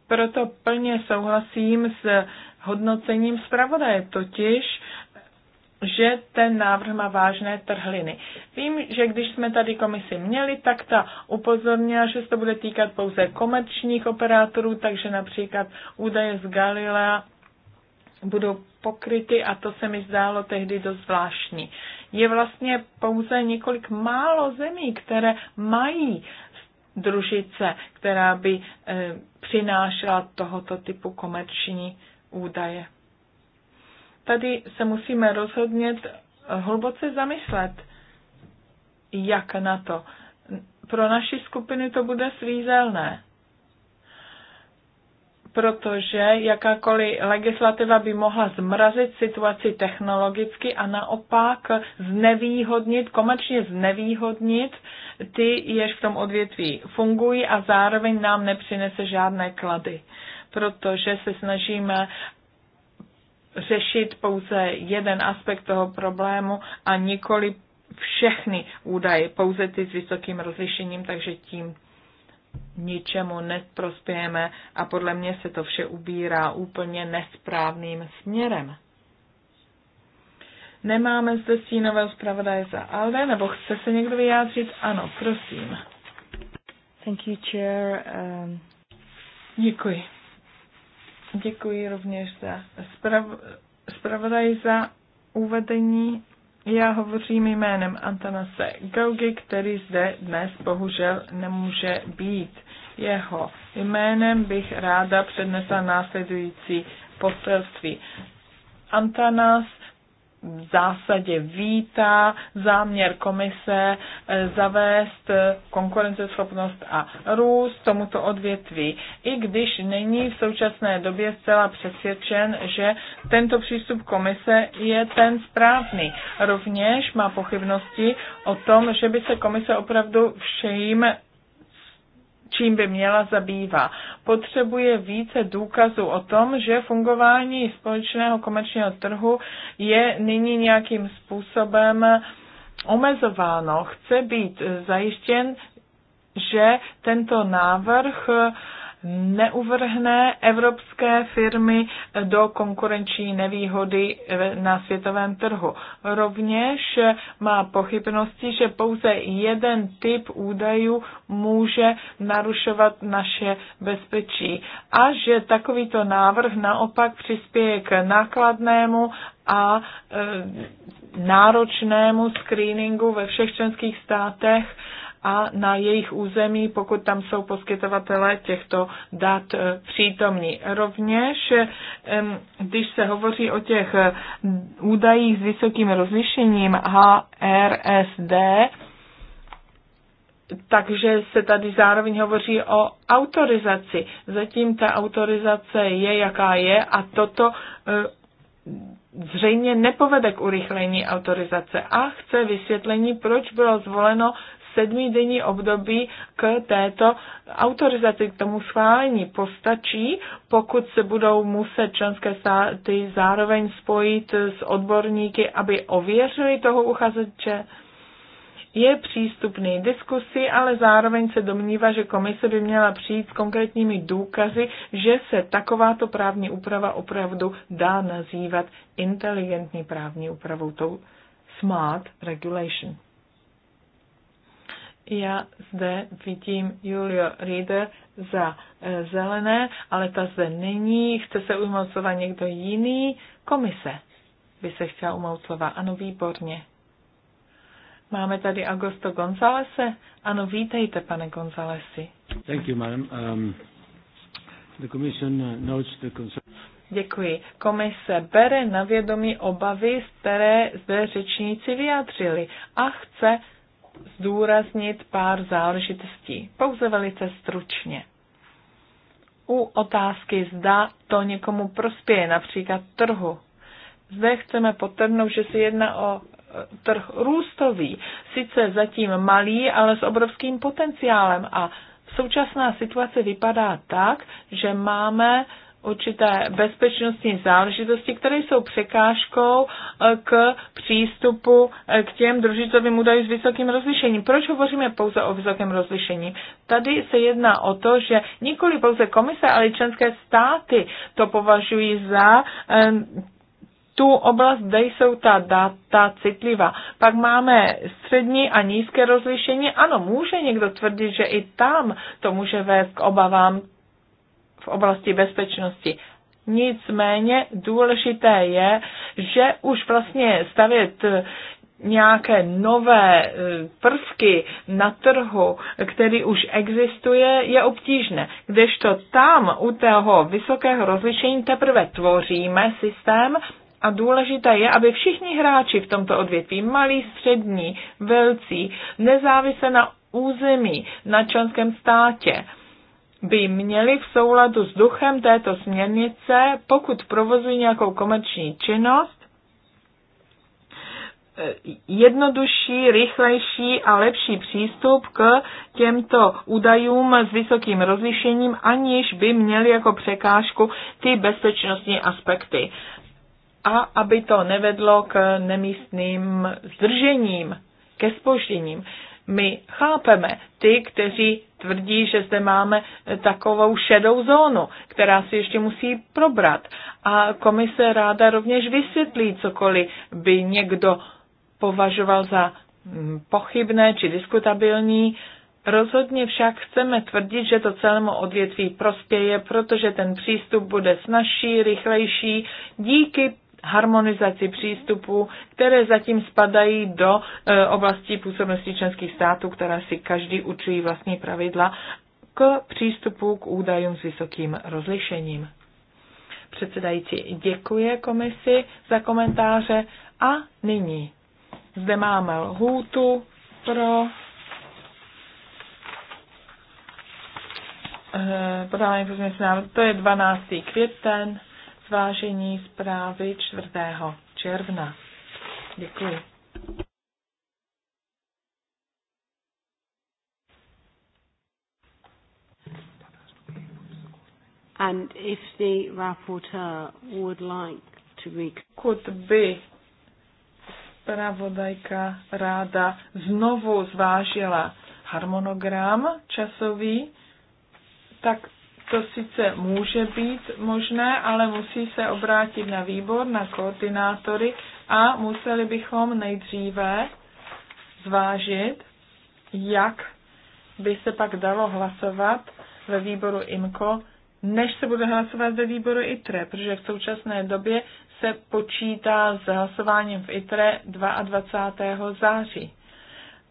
Proto plně souhlasím s hodnocením zpravodaje, totiž že ten návrh má vážné trhliny. Vím, že když jsme tady komisi měli, tak ta upozornila, že se to bude týkat pouze komerčních operátorů, takže například údaje z Galilea budou pokryty a to se mi zdálo tehdy dost zvláštní. Je vlastně pouze několik málo zemí, které mají družice, která by e, přinášela tohoto typu komerční údaje. Tady se musíme rozhodně hluboce zamyslet, jak na to. Pro naši skupiny to bude svízelné, protože jakákoliv legislativa by mohla zmrazit situaci technologicky a naopak znevýhodnit, komerčně znevýhodnit ty, jež v tom odvětví fungují a zároveň nám nepřinese žádné klady protože se snažíme řešit pouze jeden aspekt toho problému a nikoli všechny údaje, pouze ty s vysokým rozlišením, takže tím ničemu neprospějeme a podle mě se to vše ubírá úplně nesprávným směrem. Nemáme zde stínového zpravodaje za ALDE, nebo chce se někdo vyjádřit? Ano, prosím. Thank you, chair. Um... Děkuji. Děkuji rovněž za sprav, zpravodaj za uvedení. Já hovořím jménem Antanase Gaugy, který zde dnes bohužel nemůže být. Jeho jménem bych ráda přednesla následující poselství. Antanas v zásadě vítá záměr komise eh, zavést eh, konkurenceschopnost a růst tomuto odvětví, i když není v současné době zcela přesvědčen, že tento přístup komise je ten správný. Rovněž má pochybnosti o tom, že by se komise opravdu vším čím by měla zabývat potřebuje více důkazů o tom, že fungování společného komerčního trhu je nyní nějakým způsobem omezováno. Chce být zajištěn, že tento návrh neuvrhne evropské firmy do konkurenční nevýhody na světovém trhu. Rovněž má pochybnosti, že pouze jeden typ údajů může narušovat naše bezpečí a že takovýto návrh naopak přispěje k nákladnému a e, náročnému screeningu ve všech členských státech a na jejich území, pokud tam jsou poskytovatelé těchto dat eh, přítomní. Rovněž, eh, když se hovoří o těch eh, údajích s vysokým rozlišením HRSD, takže se tady zároveň hovoří o autorizaci. Zatím ta autorizace je, jaká je a toto zřejmě nepovede k urychlení autorizace a chce vysvětlení, proč bylo zvoleno sedmidenní období k této autorizaci, k tomu schválení. Postačí, pokud se budou muset členské státy zároveň spojit s odborníky, aby ověřili toho uchazeče? je přístupný diskusi, ale zároveň se domnívá, že komise by měla přijít s konkrétními důkazy, že se takováto právní úprava opravdu dá nazývat inteligentní právní úpravou, tou smart regulation. Já zde vidím Julio Rieder za eh, zelené, ale ta zde není. Chce se ujmout slova někdo jiný? Komise by se chtěla ujmout slova. Ano, výborně. Máme tady Augusto Gonzalese. Ano, vítejte, pane Gonzalesi. Thank you, madam. Um, the commission uh, notes the concern. Děkuji. Komise bere na vědomí obavy, které zde řečníci vyjádřili a chce zdůraznit pár záležitostí. Pouze velice stručně. U otázky, zda to někomu prospěje, například trhu. Zde chceme potrhnout, že se jedná o e, trh růstový, sice zatím malý, ale s obrovským potenciálem a současná situace vypadá tak, že máme určité bezpečnostní záležitosti, které jsou překážkou eh, k přístupu eh, k těm družicovým údajům s vysokým rozlišením. Proč hovoříme pouze o vysokém rozlišení? Tady se jedná o to, že nikoli pouze komise, ale i členské státy to považují za eh, tu oblast, kde jsou ta data citlivá. Pak máme střední a nízké rozlišení. Ano, může někdo tvrdit, že i tam to může vést k obavám v oblasti bezpečnosti. Nicméně důležité je, že už vlastně stavět eh, nějaké nové eh, prvky na trhu, který už existuje, je obtížné. Kdežto tam u toho vysokého rozlišení teprve tvoříme systém a důležité je, aby všichni hráči v tomto odvětví, malí, střední, velcí, nezávisle na území, na členském státě, by měli v souladu s duchem této směrnice, pokud provozují nějakou komerční činnost, jednodušší, rychlejší a lepší přístup k těmto údajům s vysokým rozlišením, aniž by měli jako překážku ty bezpečnostní aspekty. A aby to nevedlo k nemístným zdržením, ke spožděním. My chápeme ty, kteří tvrdí, že zde máme takovou šedou zónu, která si ještě musí probrat. A komise ráda rovněž vysvětlí, cokoliv by někdo považoval za mm, pochybné či diskutabilní. Rozhodně však chceme tvrdit, že to celému odvětví prospěje, protože ten přístup bude snažší, rychlejší díky harmonizaci přístupů, které zatím spadají do e, oblasti působnosti členských států, která si každý učí vlastní pravidla k přístupu k údajům s vysokým rozlišením. Předsedající děkuje komisi za komentáře a nyní zde máme lhůtu pro e, podávání pozměnit návrh. To je 12. květen zvážení zprávy 4. června. Děkuji. And if the rapporteur would like to read... Could be zpravodajka ráda znovu zvážila harmonogram časový, tak to sice může být možné, ale musí se obrátit na výbor, na koordinátory a museli bychom nejdříve zvážit, jak by se pak dalo hlasovat ve výboru IMCO, než se bude hlasovat ve výboru ITRE, protože v současné době se počítá s hlasováním v ITRE 22. září.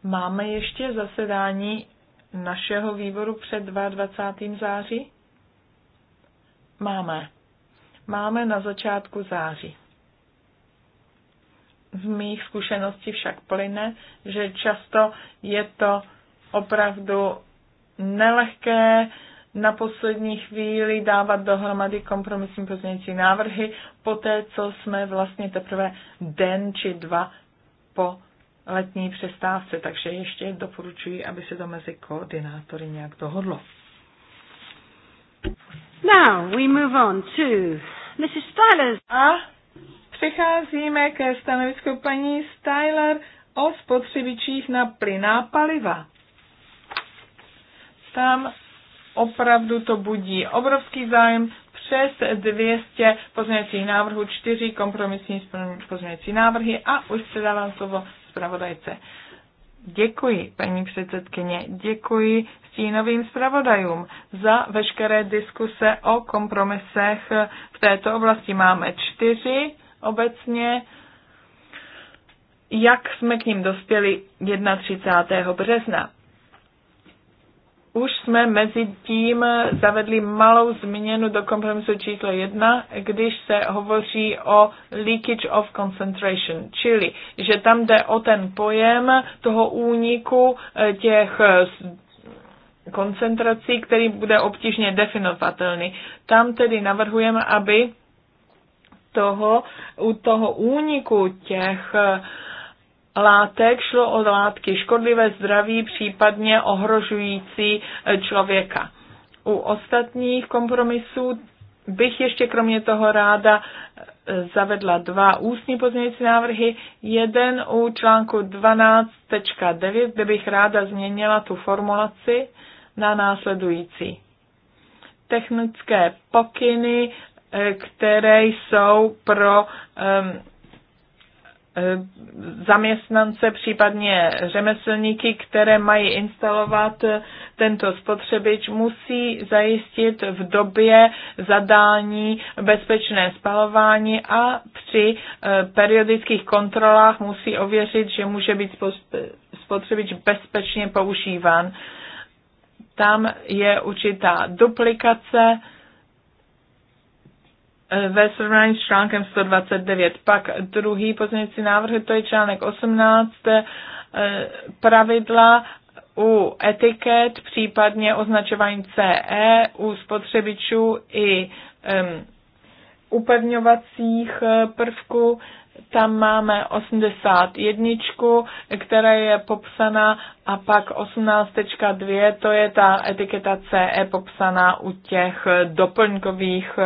Máme ještě zasedání našeho výboru před 22. září? Máme. Máme na začátku září. Z mých zkušeností však plyne, že často je to opravdu nelehké na poslední chvíli dávat dohromady kompromisní pozměňující návrhy, po té, co jsme vlastně teprve den či dva po letní přestávce, takže ještě doporučuji, aby se to mezi koordinátory nějak dohodlo. Now we move on to Mrs. Styler. A přicházíme ke stanovisku paní Styler o spotřebičích na plyná paliva. Tam opravdu to budí obrovský zájem přes 200 pozměňovacích návrhů, 4 kompromisní pozměňovací návrhy a už předávám slovo zpravodajce. Děkuji, paní předsedkyně, děkuji stínovým zpravodajům za veškeré diskuse o kompromisech v této oblasti. Máme čtyři obecně. Jak jsme k ním dospěli 31. března? Už jsme mezi tím zavedli malou změnu do kompromisu číslo 1, když se hovoří o leakage of concentration, čili že tam jde o ten pojem toho úniku eh, těch koncentrací, který bude obtížně definovatelný. Tam tedy navrhujeme, aby toho, u toho úniku těch eh, látek šlo o látky škodlivé zdraví, případně ohrožující eh, člověka. U ostatních kompromisů bych ještě kromě toho ráda eh, zavedla dva ústní pozměňující návrhy. Jeden u článku 12.9, kde bych ráda změnila tu formulaci na následující. Technické pokyny, eh, které jsou pro um, zaměstnance, případně řemeslníky, které mají instalovat eh, tento spotřebič, musí zajistit v době zadání bezpečné spalování a při periodických kontrolách musí ověřit, že může být spotřebič bezpečně používán. Tam je určitá duplikace eh, ve srovnání s článkem 129. Pak druhý pozměňující návrh, to je článek 18, eh, pravidla u etiket, případně označování CE u spotřebičů i um, upevňovacích eh, prvků tam máme 81, která je popsaná a pak 18.2, to je ta etiketa CE popsaná u těch doplňkových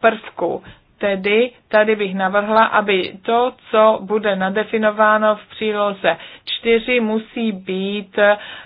prvků. Tedy tady bych navrhla, aby to, co bude nadefinováno v příloze 4, musí být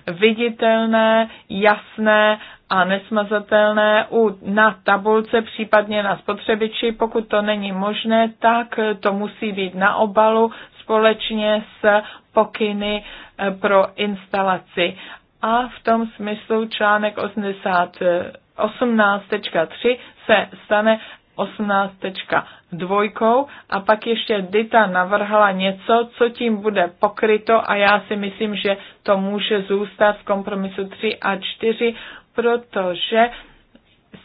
viditelné, jasné a nesmazatelné u, na tabulce, případně na spotřebiči. Pokud to není možné, tak to musí být na obalu společně s pokyny eh, pro instalaci. A v tom smyslu článek 18.3 eh, se stane 18.2 a pak ještě Dita navrhla něco, co tím bude pokryto a já si myslím, že to může zůstat v kompromisu 3 a 4 protože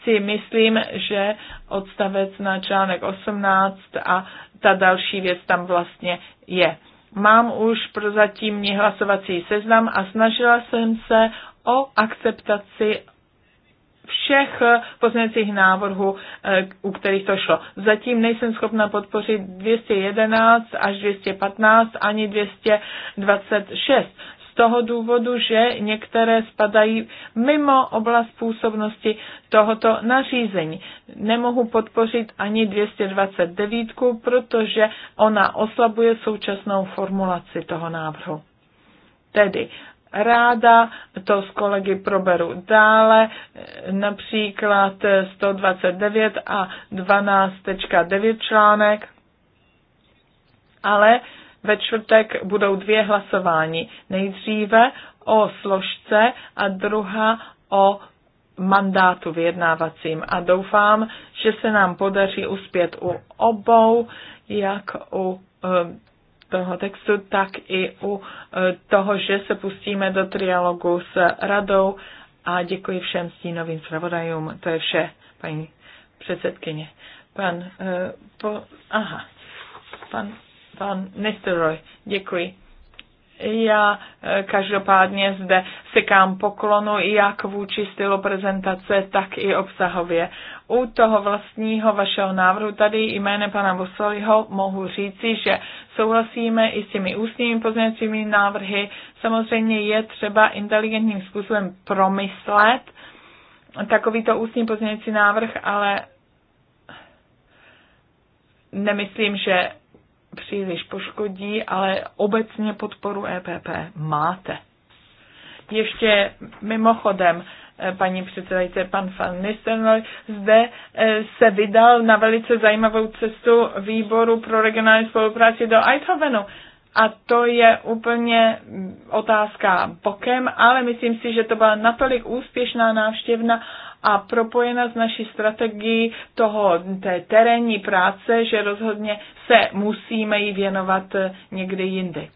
si myslím, že odstavec na článek 18 a ta další věc tam vlastně je. Mám už prozatímní hlasovací seznam a snažila jsem se o akceptaci všech pozměňovacích návrhů, eh, u kterých to šlo. Zatím nejsem schopna podpořit 211 až 215 ani 226 z toho důvodu, že některé spadají mimo oblast působnosti tohoto nařízení. Nemohu podpořit ani 229, protože ona oslabuje současnou formulaci toho návrhu. Tedy ráda to s kolegy proberu dále, například 129 a 12.9 článek, ale ve čtvrtek budou dvě hlasování. Nejdříve o složce a druhá o mandátu vyjednávacím a doufám, že se nám podaří uspět u obou, jak u eh, toho textu, tak i u eh, toho, že se pustíme do trialogu s radou a děkuji všem stínovým zpravodajům. To je vše, paní předsedkyně. Pan, eh, po, aha, pan Pan Nestoroj, děkuji. Já e, každopádně zde sekám poklonu jak vůči stylu prezentace, tak i obsahově. U toho vlastního vašeho návrhu tady jménem pana Bosoliho mohu říci, že souhlasíme i s těmi ústními pozměňovacími návrhy. Samozřejmě je třeba inteligentním způsobem promyslet takovýto ústní pozměňovací návrh, ale nemyslím, že příliš poškodí, ale obecně podporu EPP máte. Ještě mimochodem, eh, paní předsedající, pan van Nistelrooy zde eh, se vydal na velice zajímavou cestu výboru pro regionální spolupráci do Eichhovenu. A to je úplně mm, otázka bokem, ale myslím si, že to byla natolik úspěšná návštěvna a propojena s naší strategií toho, té terénní práce, že rozhodně se musíme jí věnovat eh, někdy jindy.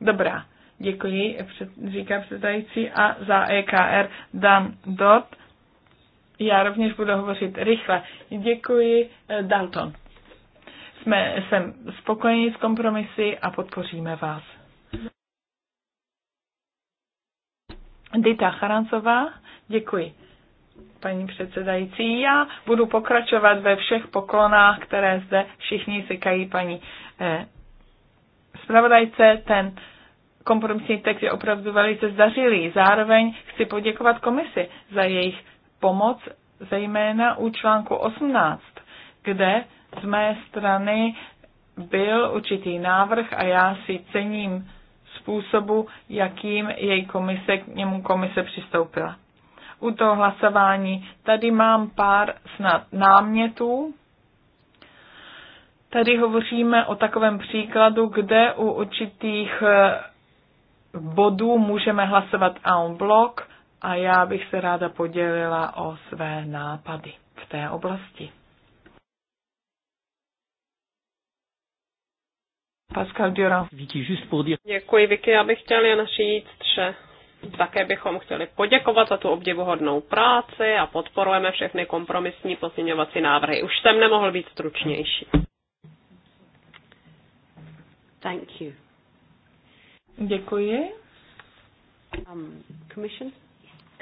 Dobrá, děkuji, říká předsedající, a za EKR Dan Dot. Já rovněž budu hovořit rychle. Děkuji, eh, Dalton. Jsme, jsem spokojení s kompromisy a podpoříme vás. Dita Charancová, děkuji paní předsedající. Já budu pokračovat ve všech poklonách, které zde všichni říkají paní eh, zpravodajce. Ten kompromisní text je opravdu velice zdařilý. Zároveň chci poděkovat komisi za jejich pomoc, zejména u článku 18, kde z mé strany byl určitý návrh a já si cením způsobu, jakým její komise, k němu komise přistoupila u toho hlasování. Tady mám pár snad námětů. Tady hovoříme o takovém příkladu, kde u určitých eh, bodů můžeme hlasovat en bloc a já bych se ráda podělila o své nápady v té oblasti. Pascal Durand. Děkuji, Vicky. Já bych chtěla jen říct, že také bychom chtěli poděkovat za tu obdivuhodnou práci a podporujeme všechny kompromisní pozměňovací návrhy. Už jsem nemohl být stručnější. Thank you. Děkuji. Um, commission?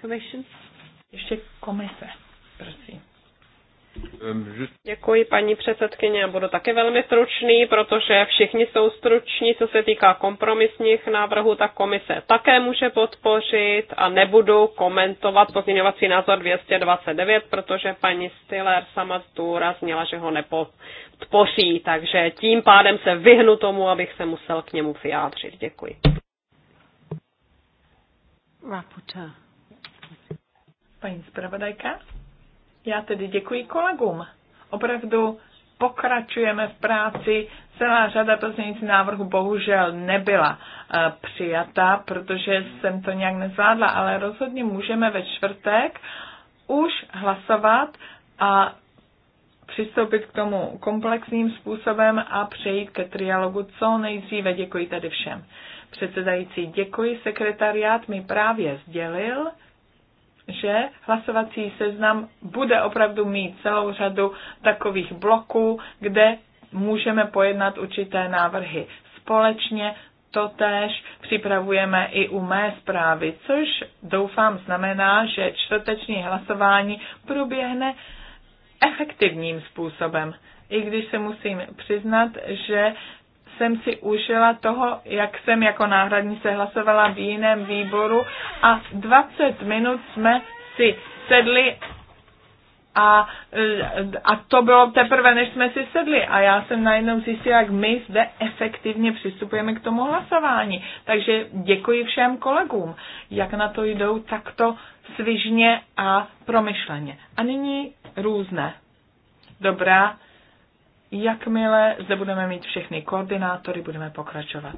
Commission? Ještě komise, prosím. Ehm, Děkuji paní předsedkyně, já budu také velmi stručný, protože všichni jsou struční, co se týká kompromisních návrhů, tak komise také může podpořit a nebudu komentovat pozměňovací názor 229, protože paní Stiller sama zdůraznila, že ho nepodpoří, takže tím pádem se vyhnu tomu, abych se musel k němu vyjádřit. Děkuji. Raputa. Paní zpravodajka. Já tedy děkuji kolegům. Opravdu pokračujeme v práci. Celá řada pozměňující návrhu bohužel nebyla e, přijata, protože jsem to nějak nezvládla, ale rozhodně můžeme ve čtvrtek už hlasovat a přistoupit k tomu komplexním způsobem a přejít ke trialogu co nejdříve. Děkuji tady všem. Předsedající, děkuji. Sekretariát mi právě sdělil, že hlasovací seznam bude opravdu mít celou řadu takových bloků, kde můžeme pojednat určité návrhy společně. Totéž připravujeme i u mé zprávy, což doufám znamená, že čtvrteční hlasování proběhne efektivním způsobem. I když se musím přiznat, že jsem si užila toho, jak jsem jako náhradní se hlasovala v jiném výboru a 20 minut jsme si sedli a, a to bylo teprve, než jsme si sedli. A já jsem najednou zjistila, jak my zde efektivně přistupujeme k tomu hlasování. Takže děkuji všem kolegům, jak na to jdou takto svižně a promyšleně. A nyní různé. Dobrá, Jakmile zde budeme mít všechny koordinátory, budeme pokračovat.